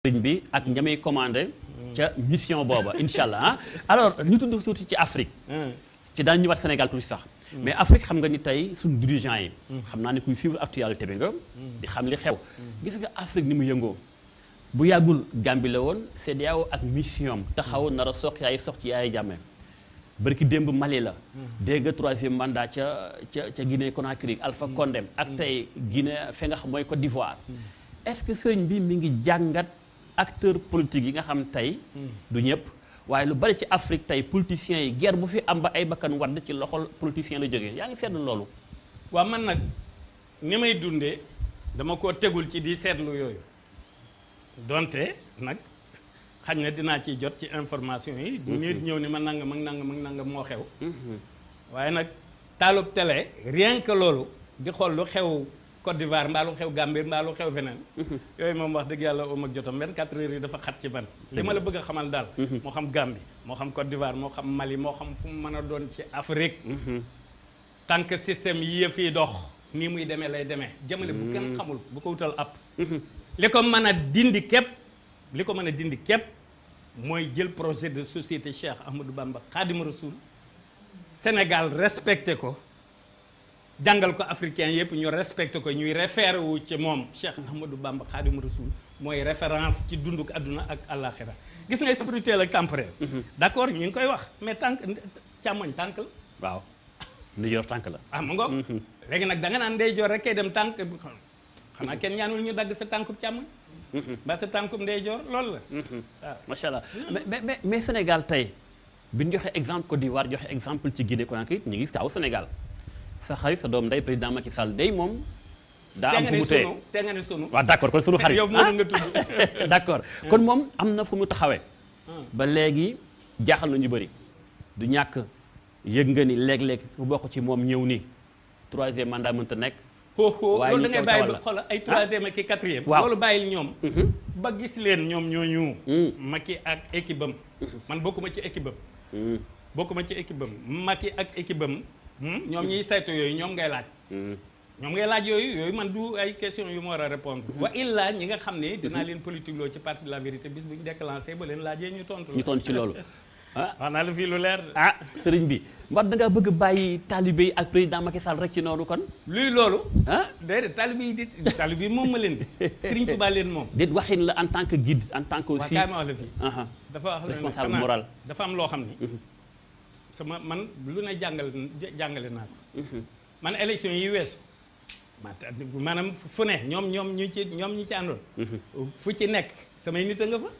sëriñ bi ak ñamay commandé ca mission booba incha allah ah. alors ñu tudd tuuti ci Afrique hmm. ci daan ñëwaat Sénégal tuuti sax hmm. mais Afrique xam nga ni tey suñu dirigeant yi hmm. xam naa ne kuy suivre actualité bi nga di xam li xew gis nga Afrique ni mu yëngoo bu yàggul Gambie la woon CEDEAO ak mission taxaw nar a soq yaay sox ci yaay jàmme bërki démb Mali la dégg troisième mandat ca ca ca Guinée Conakry Alpha Condé ak tey Guinée fi nga xam mooy Côte d'Ivoire acteur politique yi nga xam tey du ñëpp waaye lu bari ci Afrique tey politiciens yi guerre bu fi am ba ay bakkan wadd ci loxol politicien la jógee yaa ngi seetlu loolu waa man nag ni may dundee dama ko tegul ci di seetlu yooyu donte nag xaj na dinaa ciy jot ci information yi du nit ñëw ni ma nanga mag nanga mag nanga moo xew mhm. waaye nag taalub tele rien loolu di xool lu xew Côte d'Ivoire mbaa lu xew Gambie mbaa lu xew feneen mhm. yooyu moom wax dëgg yàlla om ak jotam 24 heures yi dafa xat ci ban li ma la bëgg a xamal daal mhm. moo xam Gambie moo xam Côte d'Ivoire moo xam Mali moo xam fu mu mën a doon ci Afrique mhm. tant que système yi yëf yi dox nii muy demee lay demee jamale bu kenn xamul bu ko wutal app li ko mën a dindi képp li ko mën a dindi képp mooy jël projet de société Cheikh Ahmadou Bamba Khadim Rasoul Sénégal respecté ko jàngal ko africain yëpp ñu respecté ko ñuy référé wu ci moom Cheikh Ahmadou Bamba Khadim Rasoul mooy référence ci dunduk àdduna ak àllaaxira gis nga spirituel ak temporel. Mhm. d'accord ñu ngi koy wax mais tànk càmmoñ tànk la. waaw ndeyjoor tànk la. ah mu ngoog. Mhm. léegi nag da nga naan ndeyjoor rek kay dem tànk xanaa kenn ñaanul ñu dagg sa tànkub càmmoñ. Mhm. ba sa tànkub ndeyjoor loolu la. waaw ah. macha allah hmm. mais mais Sénégal tey bi ñu joxe exemple Côte d'Ivoire joxe exemple ci Guinée Conakry ñu ngi kaw Sénégal. sa xarit sa doom nday président Macky Sall day moom daa am fu mu tee te nga ne sunu waaw d'accord kon sunu xarit yow moom ah! nga tudd d'accord kon moom am na fu mu taxawee hmm. ba léegi jaaxal nañu bëri du ñàkk yëg nga ni léeg-léeg ku bokk ci moom ñëw ni troisième mandat mënta nekk waaye loolu da ngay bàyyi ba ay ah! troisième ak ki quatrième waaw loolu bàyyil ñoom mm-hmm. ba gis leen ñoom ñooñu mm. Macky ak équipe am mm-hmm. man bokkuma ci équipe am mm. bokkuma ci équipe am Macky ak équipe Hmm? ñoom ñiy saytu yooyu ñoom ngay laaj hmm. ñoom ngay laaj yooyu yooyu man du ay question yu ma war a répondre hmm. wa illa ñi nga xam ne dinaa leen politique loo ci parti de la vérité bis bu ñu déclenché ba leen laajee ñu tontu ñu tontu ci loolu ah wax naa la fii lu leer ah sëriñ bi mbar da ngaa bëgg a bàyyi taalibe yi ak président Macky Sall rek ci noonu kon luy loolu ah déedéet taalibe yi di taalibe moom ma leen sëriñ Tuubaa leen moom déet waxin la en tant que guide en tant que aussi waaw kaay ma wax loo xam ni mm-hmm. sama man lu ne jàngale jàngale naa ko mhm. man élection yi weesu maanaam fu ne ñoom ñoom ñu ci ñoom ñu ci àndoon mhm. fu ci nekk samay nit a nga fa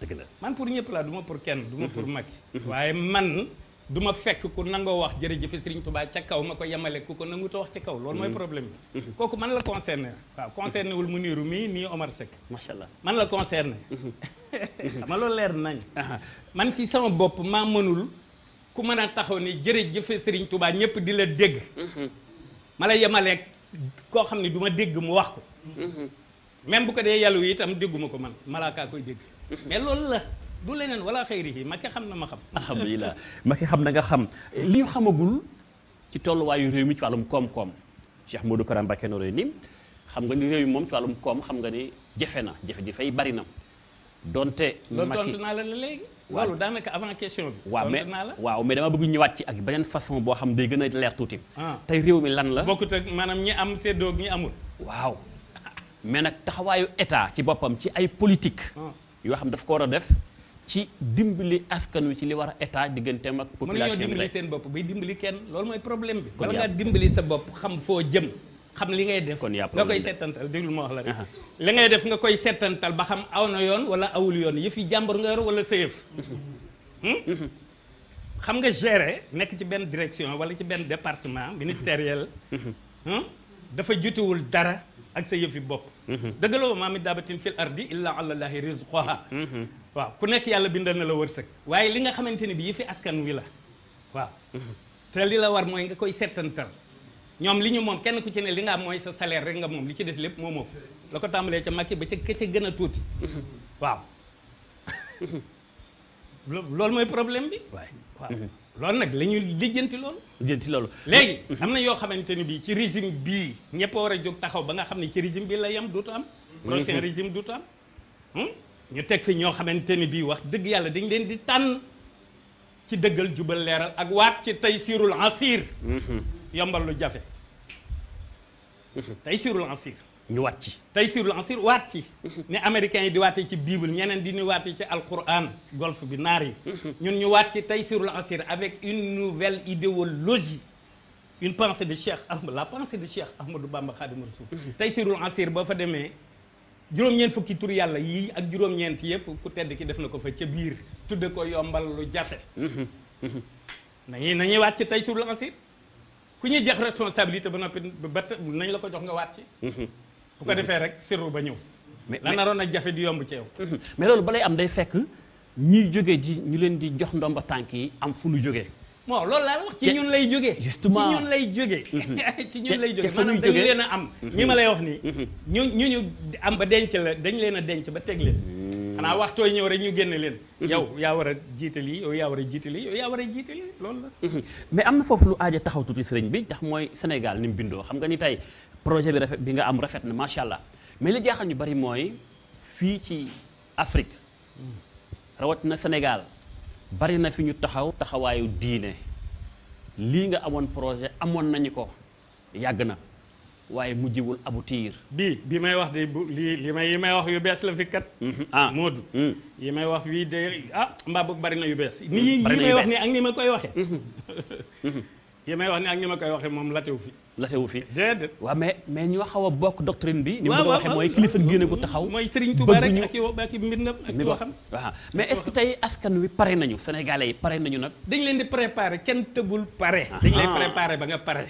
dëgg man pour ñëpp laa du ma pour kenn du ma mhm. pour Macky waaye man du ma fekk ku nangoo wax jërëjëf Serigne Touba ca kaw ma ko yemale ku ko nangu ta wax ca kaw loolu mooy problème kooku man la concerné waaw concerné wul Mounirou mii nii Omar Seck macha allah man la concerné xam leer nañ man ci sama bopp maa mënul ku man a taxaw ni jërëjëfe Serigne Touba ñëpp di la dégg. ma la yemaleeg koo xam ne du ma dégg mu wax ko. même bu ko dee yàlla wi itam dégguma ko man malaaka koy dégg. mais loolu la. du leneen wala xëyri yi ma ki xam na ma xam alhamdulilah ma ki xam na nga xam li xamagul ci tolluwaayu réew mi ci wàllum koom-koom Cheikh Modou Kara Mbacké Noreyni nii xam nga ni réew mi moom ci wàllum koom xam nga ni jafe na jafe-jafe yi bari na donte. loolu tontu naa la léegi. loolu daanaka avant question bi. waaw mais waaw mais dama bëgg ñëwaat ci ak beneen façon boo xam day gën a leer tuuti. Ah. tey réew mi lan la. bokkut ak maanaam ñi am séddoo ñi amul. waaw mais nag taxawaayu état ci boppam ci ay politique. Ah. yoo xam daf ko war a def. ci dimbali askan wi ci li war a état digganteem ak. population bi mënuñoo dimbali seen bopp bay dimbali kenn loolu mooy problème bi. bala ngaa dimbali sa bopp xam foo jëm. xam li ngay def nga koy seetantal déglu ma wax la li ngay def nga koy seetantal ba xam aw na yoon wala awul yoon yëf yi jàmbur nga yor wala sa yëf hmm? xam nga gérer nekk ci benn direction wala ci benn département ministériel hmm? dafa jutuwul dara ak sa yëfi bopp hmm. dëggaloo maa mi daabatin fil ardi illa alallahi rizqoha waaw ku nekk yàlla bindal na la wërsëg waaye li nga xamante ni bi yëfi askan wi la waaw te li la war mooy nga koy seetantal ñoom li ñu moom kenn ku ci ne li nga am mooy sa salaire rek nga moom li ci des lépp moo moom la ko tàmbalee ca Macky ba ca ka gën a tuuti waaw loolu mooy problème bi waaw mm-hmm. loolu nag la ñuy lijjanti loolu lijjanti loolu léegi am na yoo xamante ni bii ci régime bii ñëpp war a jóg taxaw ba nga xam ne ci régime bi lay am dootu am mm-hmm. prochain régime dootu am hmm? ñu teg fi ñoo xamante ni bii wax dëgg yàlla dañ leen di tànn ci dëggal jubal leeral ak waat ci tey siirul asir mm-hmm. yombal lu jafe tey surul ansir ñu waat ci tey surul ansir waat ci ni américains yi di waatee ci bible ñeneen di ñu waatee ci alquran golf bi naar yi ñun ñu waat ci tey surul ansir avec une nouvelle idéologie une pensée de Cheikh Ahmed la pensée de Cheikh Ahmadou Bamba Khadim Rasoul tey surul ansir boo fa demee juróom-ñeent fukki tur yàlla yii ak juróom-ñeent yëpp ku tedd ki def na ko fa ca biir tudde ko yombal lu jafe nañuy nañuy waat ci tey surul ku ñuy jeex responsabilité ba noppi ba nañ la ko jox nga waat mhm. bu ko defee rek sirru ba ñëw. mais la naroon a jafe di yomb ci yow. Mhm. mais loolu lay am day fekk ñiy jóge ji ñu leen di jox ndomba tànk yi am fu ñu jógee. bon loolu laa ci ñun lay jóge justement ci ñun lay jóge mhm. ci ñun lay jógee maanaam dañ leen a am. ñi ma lay wax nii. ñu ñu ñu am ba denc la dañ leen a denc ba teg leen. xanaa waxtoo ñëw rek ñu génn leen yow yaa war a jiitali yow yaa war a jiitali yow yaa war a jiitali loolu la mhm. mais am na foofu lu aaja taxaw tuuti sëriñ bi ndax mooy Sénégal ni mu bindoo xam nga ni tey projet bi rafet bi nga am rafet na macha allah mais li jaaxal nu bari mooy fii ci Afrique rawatina Sénégal bari na fi ñu taxaw taxawaayu diine lii nga amoon projet amoon nañu ko yàgg na waaye mujjiwul aboutir bii bi may wax de bu lii li may yi may wax yu bees la fi moo mhm. du ah, ah. Modou hmm. yi may wax fii de ah mbaa bëgg bari na yu bees ni hmm, yi may wax ni ak ni ma koy waxe hmm, yi may wax ni ak ni ma koy waxe moom la latewu fi latewu fi déedéet waaw mais mais ñu xaw bokk doctrine bi ni ma ko waxe mooy kilifa génne ko taxaw mooy Serigne Touba rek ak yow ak mbindam ak yoo mais est-ce askan wi pare nañu sénégalais yi pare nañu nag dañ leen di préparé kenn tëbul pare ah. dañ lay préparé ba nga pare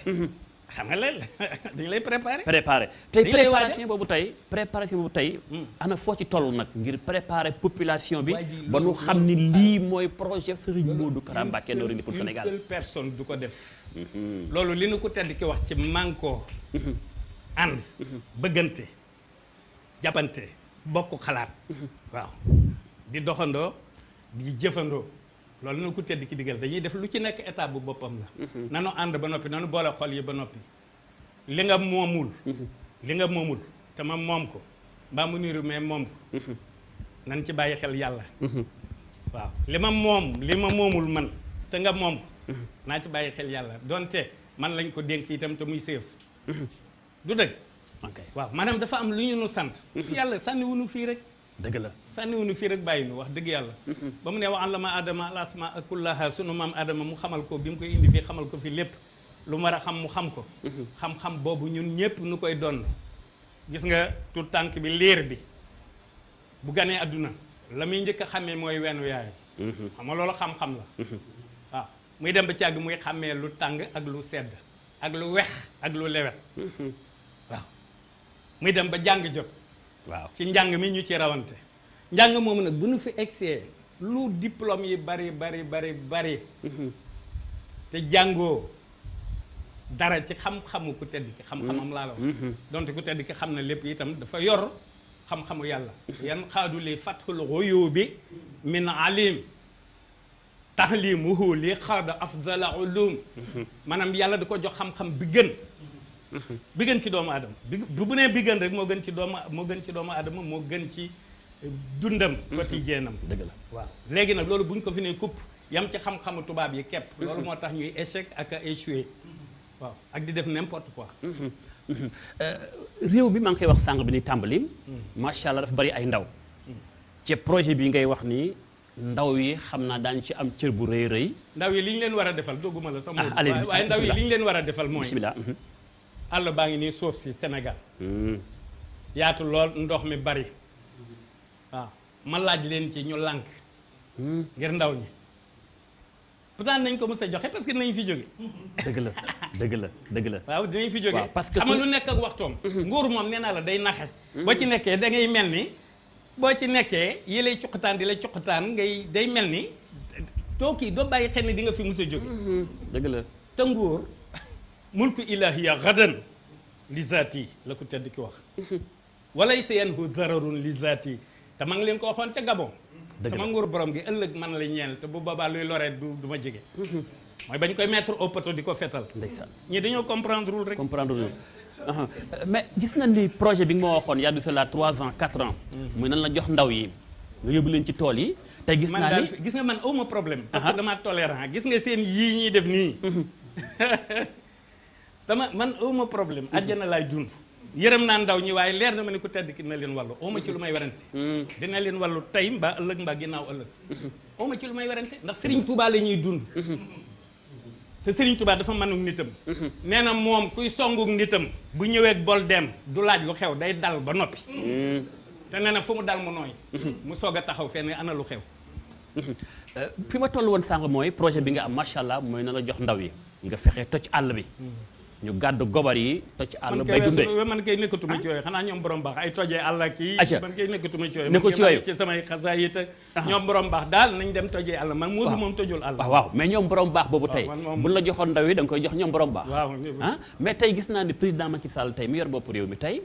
xam nga léegi dañ lay préparé. préparé tey préparation boobu tey préparation boobu tey. Hmm. ana foo ci toll nag ngir préparer population bi. ba nu xam ni lii mooy projet Serigne Modou du Mbacké Noreyni pour Sénégal. personne du ko def. Mhm. loolu li nu ko tedd ki wax ci manko mhm. ànd mhm. bëggante jàppante bokk xalaat. waaw di doxandoo di jëfandoo. loolu na ko tedd ki digal dañuy def lu ci nekk état bu boppam la na mhm. nanu ànd ba noppi nanu boole xol yi ba noppi li nga moomul mhm. li nga moomul te ma moom ko mbaa mu niru mais moom ko mhm. ci bàyyi xel yàlla waaw li ma moom li ma moomul man te nga moom ko naa ci bàyyi xel yàlla donte man lañ ko dénk itam te muy séef du dëgg waaw maanaam dafa am lu ñu nu sant yàlla sànni wunu fii rek dëgg la sànniwunu fii rek bàyyi nu wax dëgg yàlla ba mu ne wa ma adama al asmaa kullaha sunu maam adama mu xamal ko bi mu koy indi fii xamal ko fii lépp lu mu war a xam mu xam ko xam-xam boobu ñun ñëpp nu koy donn gis nga tout tànk bi liir bi bu ganee àdduna la muy njëkk a xàmmee mooy weenu yaayam xam nga loolu xam-xam la waaw muy dem ba ci àgg muy xàmmee lu tàng ak lu sedd ak lu wex ak lu lewet waaw muy dem ba jàng jot waaw ci njàng mi ñu ci rawante njàng moom nag bu nu fi egsee lu diplôme yi bari bari bari bari mhm. te jàngoo dara ci xam-xamu ku tedd ki xam-xamam mhm. laa la wax mhm. donte ku tedd ki xam na lépp itam dafa yor xam-xamu yàlla yan xaaduli fathul xuyubi min alim tahlimuhu li xaada afdala ulum maanaam yàlla da ko jox xam-xam bi gën bi gën ci doomu aadama bi bu nee bi gën rek moo gën ci doomu moo gën doomu aadama moo gën ci eh, dundam mm-hmm. quotidien am dëgg la waaw léegi nag loolu buñ ko fi nee kupp yam ci xam-xamu tubaab yi kepp mm-hmm. loolu moo tax ñuy échec ak a échoué mm-hmm. waaw ak di def n'importe quoi euh, réew bi maa ngi koy wax sàng bi ni tàmbali macha allah dafa bari ay ndaw ci projet bi ngay wax nii ndaw yi xam naa daañu ci am cër bu rëy rëy ndaw yi li ñu leen war a defal dogguma la sax ah, waaye ndaw yi li ñu leen war a defal mooy àll baa ngi nii suuf si senegal yaatu lool ndox mi bari waaw ma laaj leen ci ñu lànk ngir ndaw ñi pourtant nañ ko mos a joxe parce que dinañ fi jóge dëgg la dëgg la dëgg la waaw dinañ fi jóge parce que xam lu nekk ak waxtoom nguur moom nee naa la day naxe boo ci nekkee da ngay mel ni boo ci nekkee yi lay cuqataan di lay cuqataan ngay day mel ni tooki doo bàyyi xel ni di nga fi mos a jóge te nguur mulku ya gadan li zaati la ko tedd ki wax walaysa yanhu dararun li zaati te ma ngi leen ko waxoon ca Gabon sama nguur borom gi ëllëg man la ñeel te bu boobaa luy loree du du ma jege mhm. mooy bañ koy mettre au di ko fetal ndeysaan ñii dañoo comprendre wul rek comprendre gis nañ ni projet bi nga waxoon yaa du trois ans quatre ans mhm. muy nan la jox ndaw yi nga yóbbu leen ci tool yi te gis naa gis nga man awma problème parce que dama tolérant gis nga seen yii ñuy def nii mhm. dama man awma problème mhm. àjjana laay dund yërëm naa ndaw ñi waaye leer na ma ne ku tedd ki dina leen wàllu awma ci lu may werante mhm. dina leen wàllu tey mbaa ëllëg mbaa ginnaaw ëllëg mhm. awma ci lu may werante ndax Serigne Touba la ñuy dund te Serigne Touba dafa mënug nitam nee na moom kuy songug nitam bu ñëweeg bol dem du laaj lu xew day dal ba noppi te nee na fu mu dal mu nooy mu soog a taxaw fenn ana lu xew euh, fi ma tollu woon sànq mooy projet bi nga am macha allah mooy na la jox ndaw yi nga fexe toj àll bi ñu gàddu gobar yi toj àll bay dundee man kay nekkatuma ci yooyu xanaa ñoom borom baax ay tojee àll yi man ñoom borom baax daal nañ dem tojee àll man moodu moom tojul àll waaw mais ñoom borom baax boobu tey buñ la joxoon ndaw yi da nga koy jox ñoom borom baax ah mais tey gis naa ni président Macky Sall tey mi yor bopp réew mi tey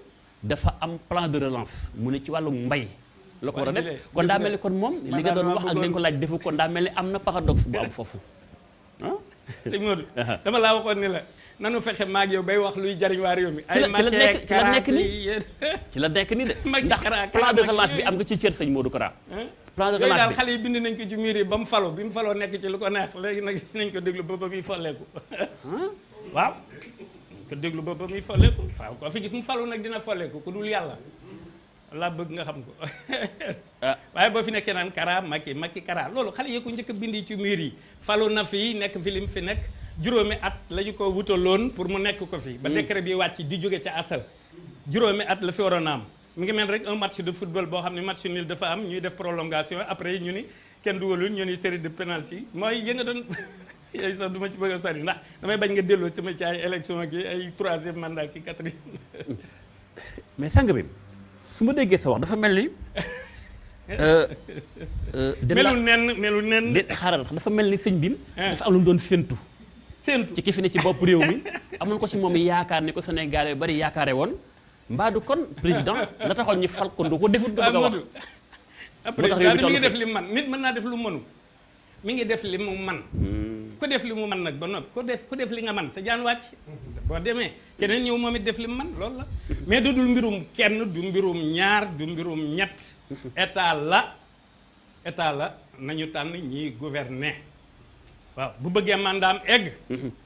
dafa am plan de relance mu ne ci wàllu mbay la ko war a def kon daa mel ni kon moom li doon wax ak li ko laaj defu kon nanu fexe maag yow bay wax luy jariñ waa yow mi. ay makeek yi ci la nekk nii de. ndax plan de bi am ci cër sëñ Modou Kara. plan de relance bi yi nañ ko ci mur yi ba mu faloo bi mu faloo nekk ci lu ko neex léegi nag nañ ko déglu ba ba muy folleeku waaw. ko déglu ba ba muy folleeku waaw ko fi gis mu falu nag dina folleeku ko dul yàlla. laa bëgg nga xam ko ah. waaye boo fi nekkee naan kara makki makki kara loolu xale yi ko njëkk a bindi ci miir yi faloo na fi nekk fi lim fi nekk. juróomi at la ñu ko wutaloon pour mu nekk ko fi. ba hmm. décret bi wàcc di jóge ca asal juróomi at la fi waroon a am mi ngi mel rek un match de football boo xam ne match nul dafa am ñuy def prolongation après ñu ni kenn dugalul ñu ni série de penalty mooy ya nga doon yooyu sax du ma ci bëgg a sori ndax damay bañ nga delloo sama ci ay élection ki ay troisième mandat ki quatrième. mais sang bi su ma déggee sa wax dafa mel ni. Euh, euh, melul nen melul nen. xaaral dafa mel ni sëñ bi. Ah. dafa am lu mu doon séntu. ci ki ci bopp réew mi amul ko ci moom yaakaar ni ko Sénégal bari yaakaare woon mbaa du kon président la taxoon ñu fal ko ko defut nga bëgg a wax après daal mi ngi def li man nit mën naa def lu mënu mi ngi def li mu man hmm. ku def li mu man nag ba noppi ku def ku def li nga man sa jaan wàcc boo demee keneen ñëw moom it def li man loolu la mais du dul mbirum kenn du mbirum ñaar du mbirum ñett état la état la nañu tànn ñiy gouverner waaw bu bëggee mandaam egg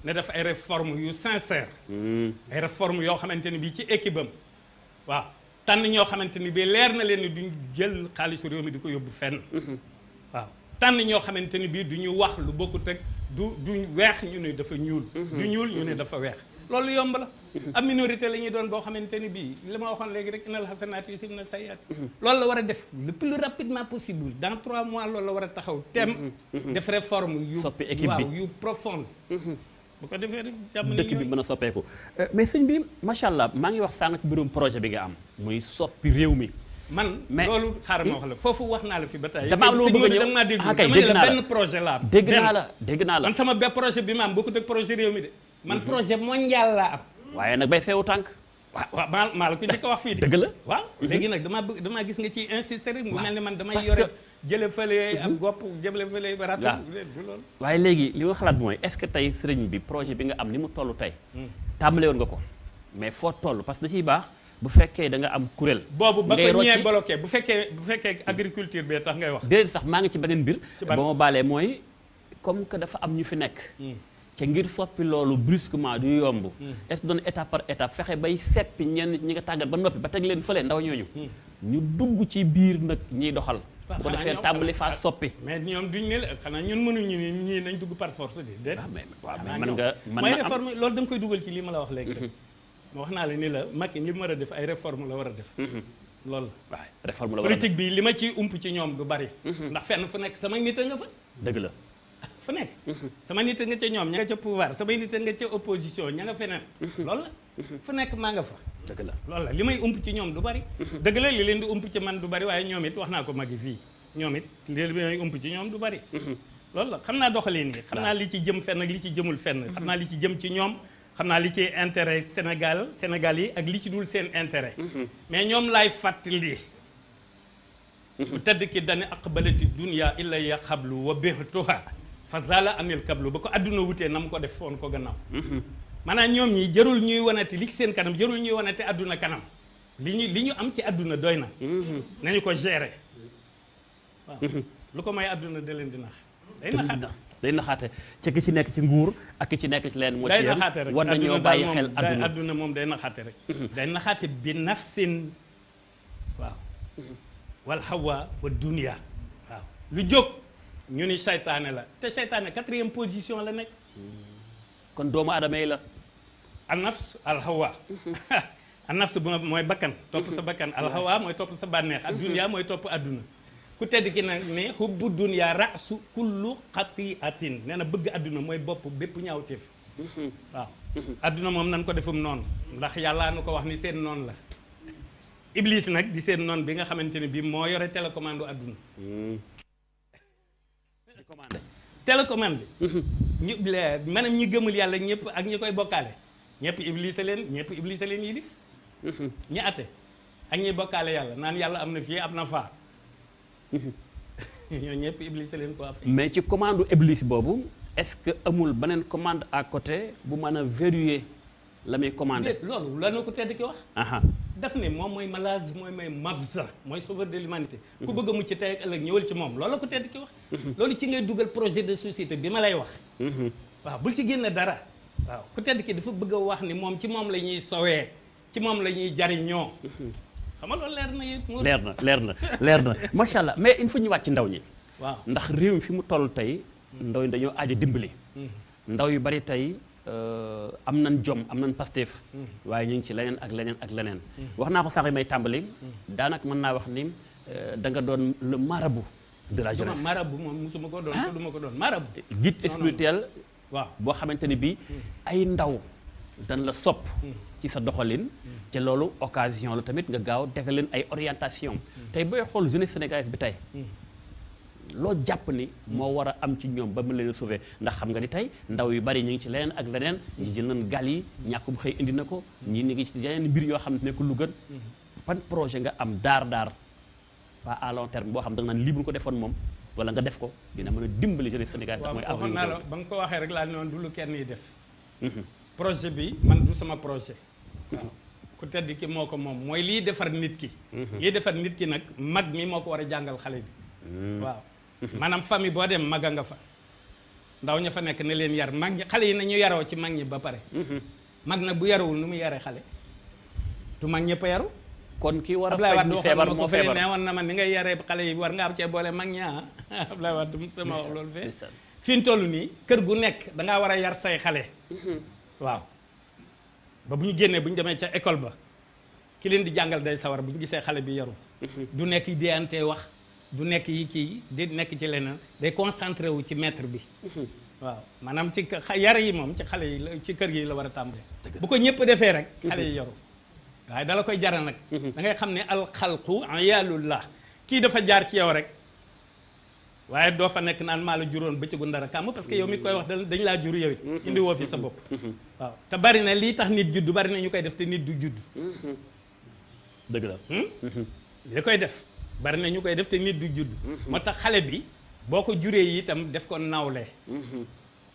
ne def ay réforme yu sincère mm-hmm. ay réforme yoo xamante ni bii ci équipe am waaw tànn ñoo xamante ni bii leer na leen ni duñ jël xaalisu réew mi di ko yóbbu fenn mm-hmm. waaw tànn ñoo xamante ni bii du ñu wax lu bokkut ak du du weex ñu ne dafa ñuul mm-hmm. du ñuul ñu ne dafa weex loolu yomb la ab minorité la ñuy doon boo xamante ni bii li ma waxoon léegi rek inal xasanaat yi sim na la war a def le plus rapidement possible dans mois loolu la war a taxaw tem mm-hmm. Mm-hmm. def réforme yu soppi équipe bi waaw mm-hmm. bu ko defee rek jàmm dëkk bi mën a soppeeku euh, mais sëñ bi macha allah maa ngi wax sànq ci mbirum bi nga am muy soppi réew mi man loolu xaaral ma wax hmm? naa la fi a ñëw danga maa ah, dégg dama la benn projet la am dégg la sama be projet bi ma am bokkut ak projet réew mi de man projet mondial laa am. waaye nag bay feewu tànk. waaw waaw maa maa la ko njëkk a wax fii de. dëgg la waaw mhm. léegi nag damaa bëgg gis nga ci insister rek. mu mel ni man damay yore jële fële mhm. am gopp jële fële ratu. du loolu waaye léegi li ma xalaat mooy est-ce que tey sëriñ bi projet bi nga am ni mu tollu tey. Hmm. tàmbale woon nga ko mais foo toll parce que ciy baax. bu fekkee danga am kuréel. boobu ba ko ñee bloqué bu fekkee bu fekkee agriculture bee tax ngay wax. déedéet sax maa ngi ci beneen mbir. ba ma baalee mooy comme que dafa am ñu fi nekk. Hmm. ca ngir soppi loolu brusquement du yomb hmm. est doon étape par état fexe bay seppi ñenn ñi nga tàggat ba noppi ba teg leen fële ndaw ñooñu hmm. ñu dugg ci biir nag ñiy doxal bu ko defee tàmbali faa soppi mais ñoom ñu ne la xanaa ñun mënuñu ni ñii nañ dugg par force di déet waaw mais mën loolu da koy dugal ci lii ma la wax léegi rek ma mhm. wax naa la ni la Macky li mu war a def ay réforme la war a def mhm. loolu la waaw réforme la war a def politique bii li ma ci ump ci ñoom du bari mhm. ndax fenn fu nekk sama nit a nga fa dëgg la fu nekk mhm. sama nit nga ca ñoom ña nga ca pouvoir samay nit nga ca opposition ña nga feneen mhm. loolu la mhm. fu nekk maa nga fa dëgg la lool la li may ump ci ñoom du bari dëgg la leen di ump man du bari waaye ñoom it wax naa ko magi fii ñoom it li ci ñoom du bari loolu la xam naa doxaliin yi xam naa li ci jëm fenn ak li ci jëmul fenn xam naa li ci jëm ci ñoom xam naa li ci intérêt Sénégal Sénégal yi ak li ci dul seen intérêt mais ñoom laay fàttali bu tëdd ki dana aqbalati dunya illa ya xablu wa bixtuha fa zala anil kablu ba ko adduna wutee na mu ko def foon ko gannaaw mhm. maanaam ñoom ñi jarul ñuy wanati li ci seen kanam jarul ñuy wanati adduna kanam li ñu li ñu am ci àdduna doy na mhm. nañu ko gérer mhm. lu ko may àdduna da leen di nax day naxaate day ci ki ci nekk ci nguur ak ki ci nekk ci leen moo ci yem war nañoo bàyyi xel adduna adduna moom day naxaate rek day naxaate bi nafsin waaw wal hawa wa dunia waaw lu jóg ñu ni seytaane la te seytaane quatrième position la nekk kon doomu aadama yi la annafs alhawa annafs bu mooy bakkan topp sa bakkan alxawaa mooy topp sa bànneex adduniya mooy topp adduna ku tedd ki nag ne hubbu dunya rasu kullu xatiatin nee na bëgg àdduna mooy bopp bépp ñaawteef waaw àdduna moom nan ko defum noonu ndax yàlla nu ko wax ni seen noonu la iblis nag di seen noon bi nga xamante ne bii moo yore télécommande àdduna hmm. télécommande bi mhm. ñu maanaam ñi gëmul yàlla ñëpp ak ñi koy bokkaale ñëpp iblise leen ñëpp iblise leen yilif mhm. ñi ate ak ñi bokkaale yàlla naan yàlla am na fii am na faa mhm. ñoo ñëpp iblise leen ko affaire mais ci commande iblis boobu est-ce que amul beneen commande à côté bu mën a verrouiller la muy commandé loolu la noo ko tedd ki wax daf ne moom mooy malaz mooy mooy mafza mooy sauveur de l'humanité ku bëgg a mucc tey la ëllëg ñëwal ci moom loolu la ko tedd ki wax mhm. loolu ci ngay dugal projet de société bi ma lay wax mhm. waaw bul ci génn dara waaw ku tedd ki dafa bëgg a wax ni moom ci moom la ñuy sowee ci moom la ñuy jariñoo mhm. xam nga loolu leer na yéen leer na leer na leer na macha allah mais il faut ñu wàcc ndaw ñi waaw ndax réew mi fi mu toll tey ndaw ñi dañoo aaja dimbali ndaw yu bari tey Euh, am na jom am nañ pasteef mm-hmm. waaye ñu ngi ci leneen ak leneen ak leneen mm-hmm. wax naa ko sànq may tàmbali mm-hmm. daanaka mën naa wax ni euh, da nga doon le marabout de la jeunesse marabout moom musuma ko doon du ma ko doon marabout euh, guide spirituel waaw boo xamante ni bii ay ndaw dan la sopp ci sa doxalin te loolu occasion la tamit nga gaaw defal leen ay orientation tey booy xool jeunesse sénégalaise bi tey loo jàpp ni moo war a am ci ñoom ba mu leen a sauver ndax xam nga ni tey ndaw yu bari ñu ngi ci leneen ak leneen ñi jël nañ gal yi ñàkk ñàkkum xëy indi na ko ñi ni ngi ci yeneen mbir yoo xam ne ko lu gën ban projet nga am daar daar pas à long boo xam da nga lii ko defoon moom wala nga def ko dina mën a dimbali jeunesse Sénégal tax mooy avenir ba nga ko waxee rek laa noonu du lu kenn yi def mhm. projet bi man du sama projet waaw ku tedd ki moo ko moom mooy lii defar nit ki mhm. liy defar nit ki nag mag mi moo ko war a jàngal xale bi mhm. maanaam famille boo dem mag a nga fa ndaw ña fa nekk ne leen yar mag ñi xale yi nañu yaroo ci mag ñi ba pare mhm. mag nag bu yarawul nu mu yare xale du mag ñëpp yaru kon ki war a faj ñu feebar moo feebar ne woon na ma ni ngay yaree xale yi war nga am boole mag ñaa ah. Abdoulaye Wade mu sama wax loolu fee fi ñu toll nii kër gu nekk dangaa war a yar say xale mhm. waaw ba bu ñu génnee bu ñu demee ca école ba ki leen di jàngal day sawar bu ñu gisee xale bi yaru mhm. du nekk déyante wax du nekk yi kii di nekk ci leneen day concentré wu ci maître bi mhm. waaw maanaam ci yar yi moom ci xale yi ci kër gi la war a tàmbalee bu ko ñëpp defee rek xale yi mhm. yaru waaye dala koy jaral nag mhm. da ngay xam ne alxalqu ayalullah kii dafa jaar ci yow rek waaye doo fa nekk naan maa la juróon bëccëgu ndara kàmm parce que yow mi koy wax dañ laa jur yow it indi fi sa bopp waaw te bari na lii tax nit judd bari na ñu koy def te nit du judd hmm? li koy def bari na ñu koy def te nit du judd mm-hmm. moo tax xale bi boo ko juree itam def ko nawle mm-hmm.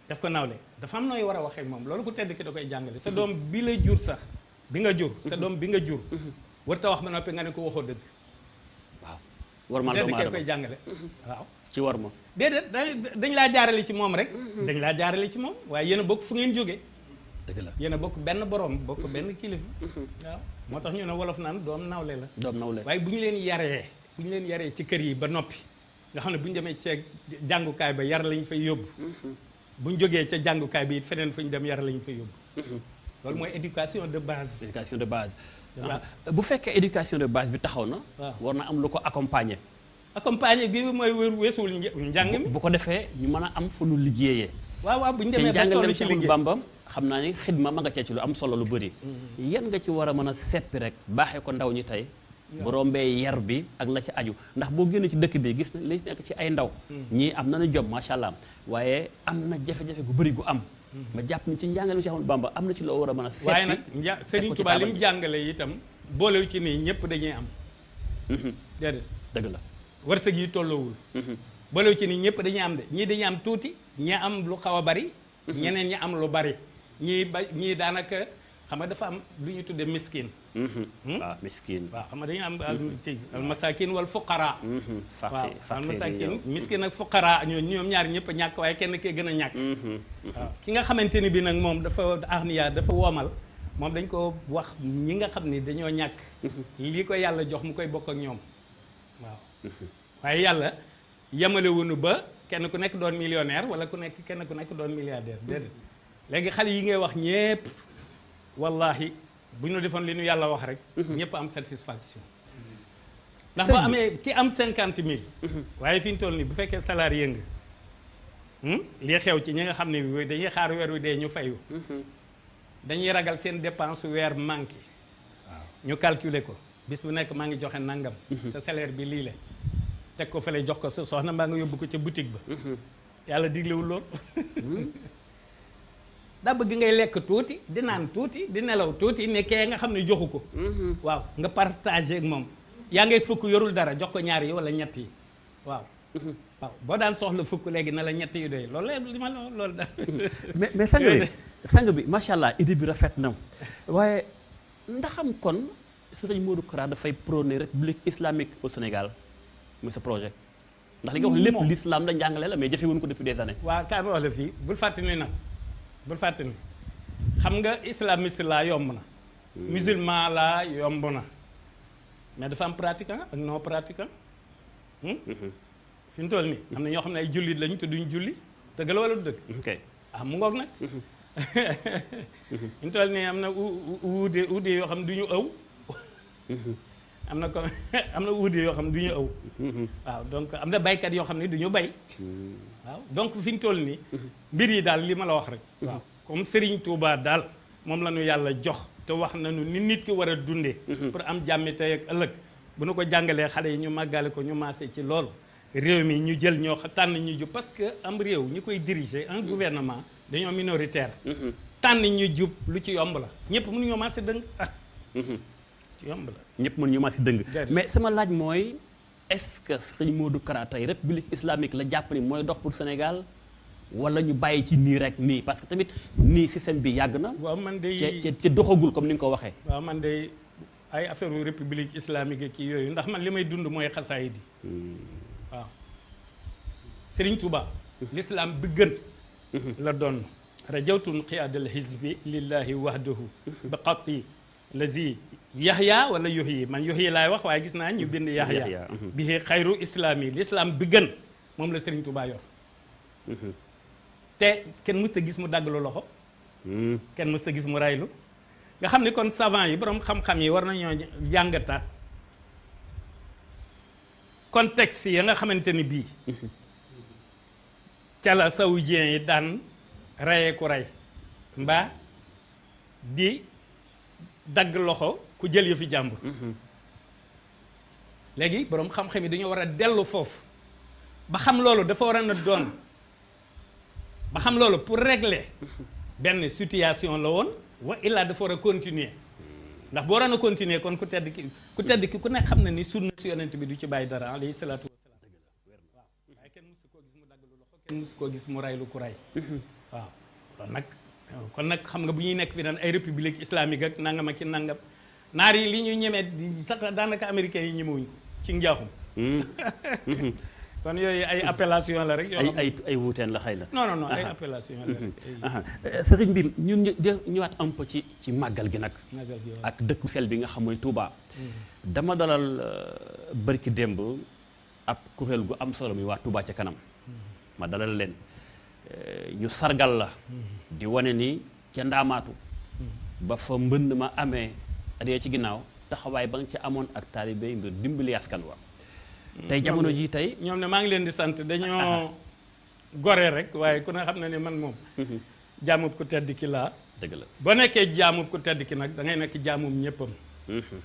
def ko nawle dafa am nooy war a waxee moom loolu ku tedd ki da koy jàngale sa doom bi la jur sax bi nga jur sa doom bi nga jur mm-hmm. warta wax ma noppi nga ne ko waxoo dëgg waaw ma tedd ki jàngale waaw ci war ma déedéet dañ laa jaarale ci moom rek dañ laa jaarale ci moom waaye yéen bokk fu ngeen jógee dëgg la yéen a bokk benn borom bokk benn kilifa waaw moo tax ñu ne wolof naan doom nawle la doom nawle waaye bu ñu leen yaree bu ñu leen yaree ci kër yi ba noppi nga xam ne bu ñu demee ca jàngukaay ba yar lañ fay yóbbu mm-hmm. bu ñu jógee ca jàngukaay bi it feneen fu ñu dem yar lañ fay yóbbu mm-hmm. loolu mooy éducation de base éducation de base ah, bu fekkee éducation de base bi taxaw na ah. war na am lu ko accompagner accompagner bi mooy wér weesuwul njàng mi bu ko defee ñu mën a am fu nu liggéeyee waaw waaw bu ñu demee ba tollu ci liggéey xam naa ne xidma ma nga cee ci lu am solo lu bëri mm-hmm. yan nga ci war a mën a seppi rek baaxee ko ndaw ñi tey bu rombee yar bi ak la ci aju ndax boo génnee ci dëkk bi gis na li nekk ci ay ndaw hmm. ñii am nañu job macha allah waaye am na jafe-jafe gu bari gu am hmm. ma jàpp ni ci njàngale mi si xamul bamba am na ci loo war a mën a seet waaye nag jàngale itam boolewu ci nii ñëpp dañuy am mm-hmm. déedéet dëgg la wërsëg yi tolloowul mm-hmm. boolewu ci nii ñëpp dañuy am de ñii dañuy am tuuti ñi am lu xaw a bari mm-hmm. ñeneen ñi am lu bari ñii ba ñii daanaka xam nga dafa am lu ñu tuddee miskin. waaw mm-hmm. hmm? ah, miskin. waaw xam nga dañu am al mm-hmm. masakin wal fuqara. Mm-hmm. waaw al masakin miskin ak fuqara ñoo ñoom ñaar ñëpp ñàkk waaye kenn kee gën a ñàkk. waaw ki nga xamante ni bi nag moom dafa arniya dafa woomal moom dañ ko wax ñi nga xam ni dañoo ñàkk. lii ko yàlla jox mu koy bokk ak ñoom waaw. waaye yàlla yemale wuñu ba kenn ku nekk doon millionnaire wala ku nekk kenn ku nekk doon milliardaire déedéet léegi xale yi ngay wax ñëpp. wallahi bu ñu defoon li ñu yàlla wax rek. Mhm. ñëpp am satisfaction. Mhm. ndax boo amee ki am cinquante mille. Mhm. waaye fi ñu toll nii bu fekkee salaar yëng hmm? li xew ci ñi nga xam ne dañuy xaar weer wi dee ñu fayu. dañuy ragal seen dépense weer manqué. ñu calculer ko bis bu nekk maa ngi joxe nangam. sa salaire bi lii la. teg ko fële jox ko sa soxna mbaa nga yóbbu ko ca boutique ba. yàlla diglewul daa bëgg ngay lekk tuuti di naan tuuti di nelaw tuuti ne kee nga xam ne joxu ko mm-hmm. waaw nga partagé ak moom yaa ngay fukk yorul dara jox ko ñaar yi wala ñett yi waaw mm-hmm. boo daan soxla fukk léegi na la ñett yi doy loolu la li ma loolu daal mais mais sang bi sang bi macha allah idée bi rafet na waaye ndaxam kon sëriñ Modou Kara dafay prôner république islamique au Sénégal muy sa projet ndax li nga wax lépp l'islam la njàngale la mais jëfewuñ ko depuis des années waaw kaa ma wax la fii bul fàttali nag bul fàttali xam nga islamiste laa yomb na. Hmm. musulman laa yomb na. mais dafa am pratiquant ak non pratiquant. Hmm? Mm-hmm. fi mu toll nii am na ñoo xam ne ay jullit lañu te duñ julli te la wala du dëgg. ok ah mu ngoog nag. Mm-hmm. fi mu nii am na u uude uude yoo xam ne du ñu ëw. Mm-hmm. am na ko am na uudi yoo xam ne du ñu aw mhm. waaw donc am na baykat yoo xam ne du ñu bay mhm. waaw donc fi ñu toll nii mbir yi daal li ma la wax rek mhm. waaw comme Serigne Touba daal moom la ñu yàlla jox te wax nañu ni nit ki war a dundee pour am jàmmi tey ak ëllëg bu nu ko jàngalee xale yi ñu màggaale ko ñu maase ci lool réew mi ñu jël ñoo tànn ñu jub parce que am réew ñi koy diriger un gouvernement dañoo minoritaire tànn ñu jub lu ci yomb la ñëpp mënuñoo maase dëng ah ci yomb la ñëpp mën ñu ma si dëng mais sama laaj mooy est-ce moo sëñ Modou Kara tey république islamique la jàpp ni mooy dox pour Sénégal wala ñu bàyyi ci nii rek nii parce que tamit nii système bi yàgg na waaw man de ci doxagul comme ni nga ko waxee waaw man de ay affaire u république islamique kii yooyu ndax man li may dund mooy xasaay di hmm. waaw Serigne Touba bi gën la doon rajawtun xiyaadal hizbi lillahi wahdahu bi qati lazi yaxya wala yuhyi man yuhyi laay wax waaye gis naa ñu bind yaxya mhm. bi xayru islaam yi bi gën moom la Serigne Touba mhm. te kenn mu ta gis mu dagglu loxo mhm. kenn mu ta gis mu raylu nga xam ne kon savant yi boroom xam-xam yi war nañoo jàngataat contexte ya nga xamante ni bii ca la saoudien yi daan rayee ku rey mba di dagg loxo ku jël yëfi jàmbur mm-hmm. léegi boroom xam-xam yi dañoo war a dellu foofu ba xam loolu dafa war a na doon ba xam loolu pour régler mm-hmm. benn situation la woon wa illaa dafa war a continuer ndax boo a continuer kon ku tedd ki ku ku ne xam na ni sunna si yonent bi du ci bàyyi dara alayhi salaatu wasalaam waaw waaye kenn mosu koo gis mu dagg lu loxo kenn koo gis mu ray lu ku ray mm-hmm. waaw nag kon nag xam nga bu ñuy nekk fi daan ay république islamique ak nangam ak i nangam naar yi li ñu ñemee sax daanaka américains yi ñemewuñ ko ci njaaxum hmm. Hmm. kon yooyu ay appellation la rek. ay ay ay wuuteen la xëy na. non non non ay appellation la rek. Eh, sëriñ bi ñun ñu ñëwaat un ci ci màggal gi nag. màggal ak dëkk sel bi nga xam mooy Touba. Hmm. dama dalal euh, barki démb ab kuréel gu am solo mi waa Touba ca kanam. ma dalal leen eh, ñu sargal la. di wone ni ca ndaamaatu. ba fa mbënd ma ame at ci ginnaaw taxawaay ba nga ci amoon ak taalibe ngir dimbali askan wa mm. tey jamono ji tey ñoom ne maa ngi leen di sant dañoo gore rek waaye ku ne xam na ne man moom jaamub ku tedd ki laa dëgg la boo nekkee jaamub ku tedd ki nag da ngay nekk jaamum ñëppam mm-hmm.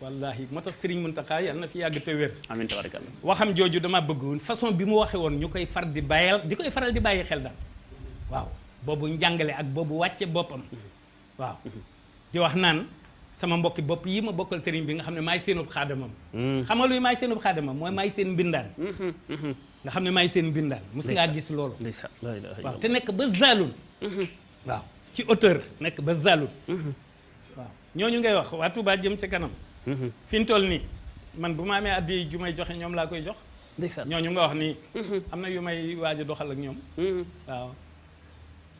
wallahi moo tax Serigne Mountakha yàlla na fi yàgg te wér amiin tabarakallah waxam jooju dama bëggoon façon bi mu waxe woon ñu koy far di bàyyal di koy faral di bàyyi xel daal waaw boobu njàngale ak boobu wàcce boppam mm-hmm. waaw sama mbokki bopp yi ma bokkal sëriñ bi nga xam ne maay seenub xaadamam hmm. xam nga luy maay seenub xaadamam mooy maay seen mbindaan hmm, hmm, nga xam ne maay seen mbindaan mos ngaa gis loolu waaw te nekk ba zalun ci auteur nekk ba zalun ñooñu ngay wax waa jëm ca kanam fi ñu toll nii man bu amee addi ju may joxe ñoom laa koy jox ñooñu nga wax nii na yu may waaj doxal ak ñoom waaw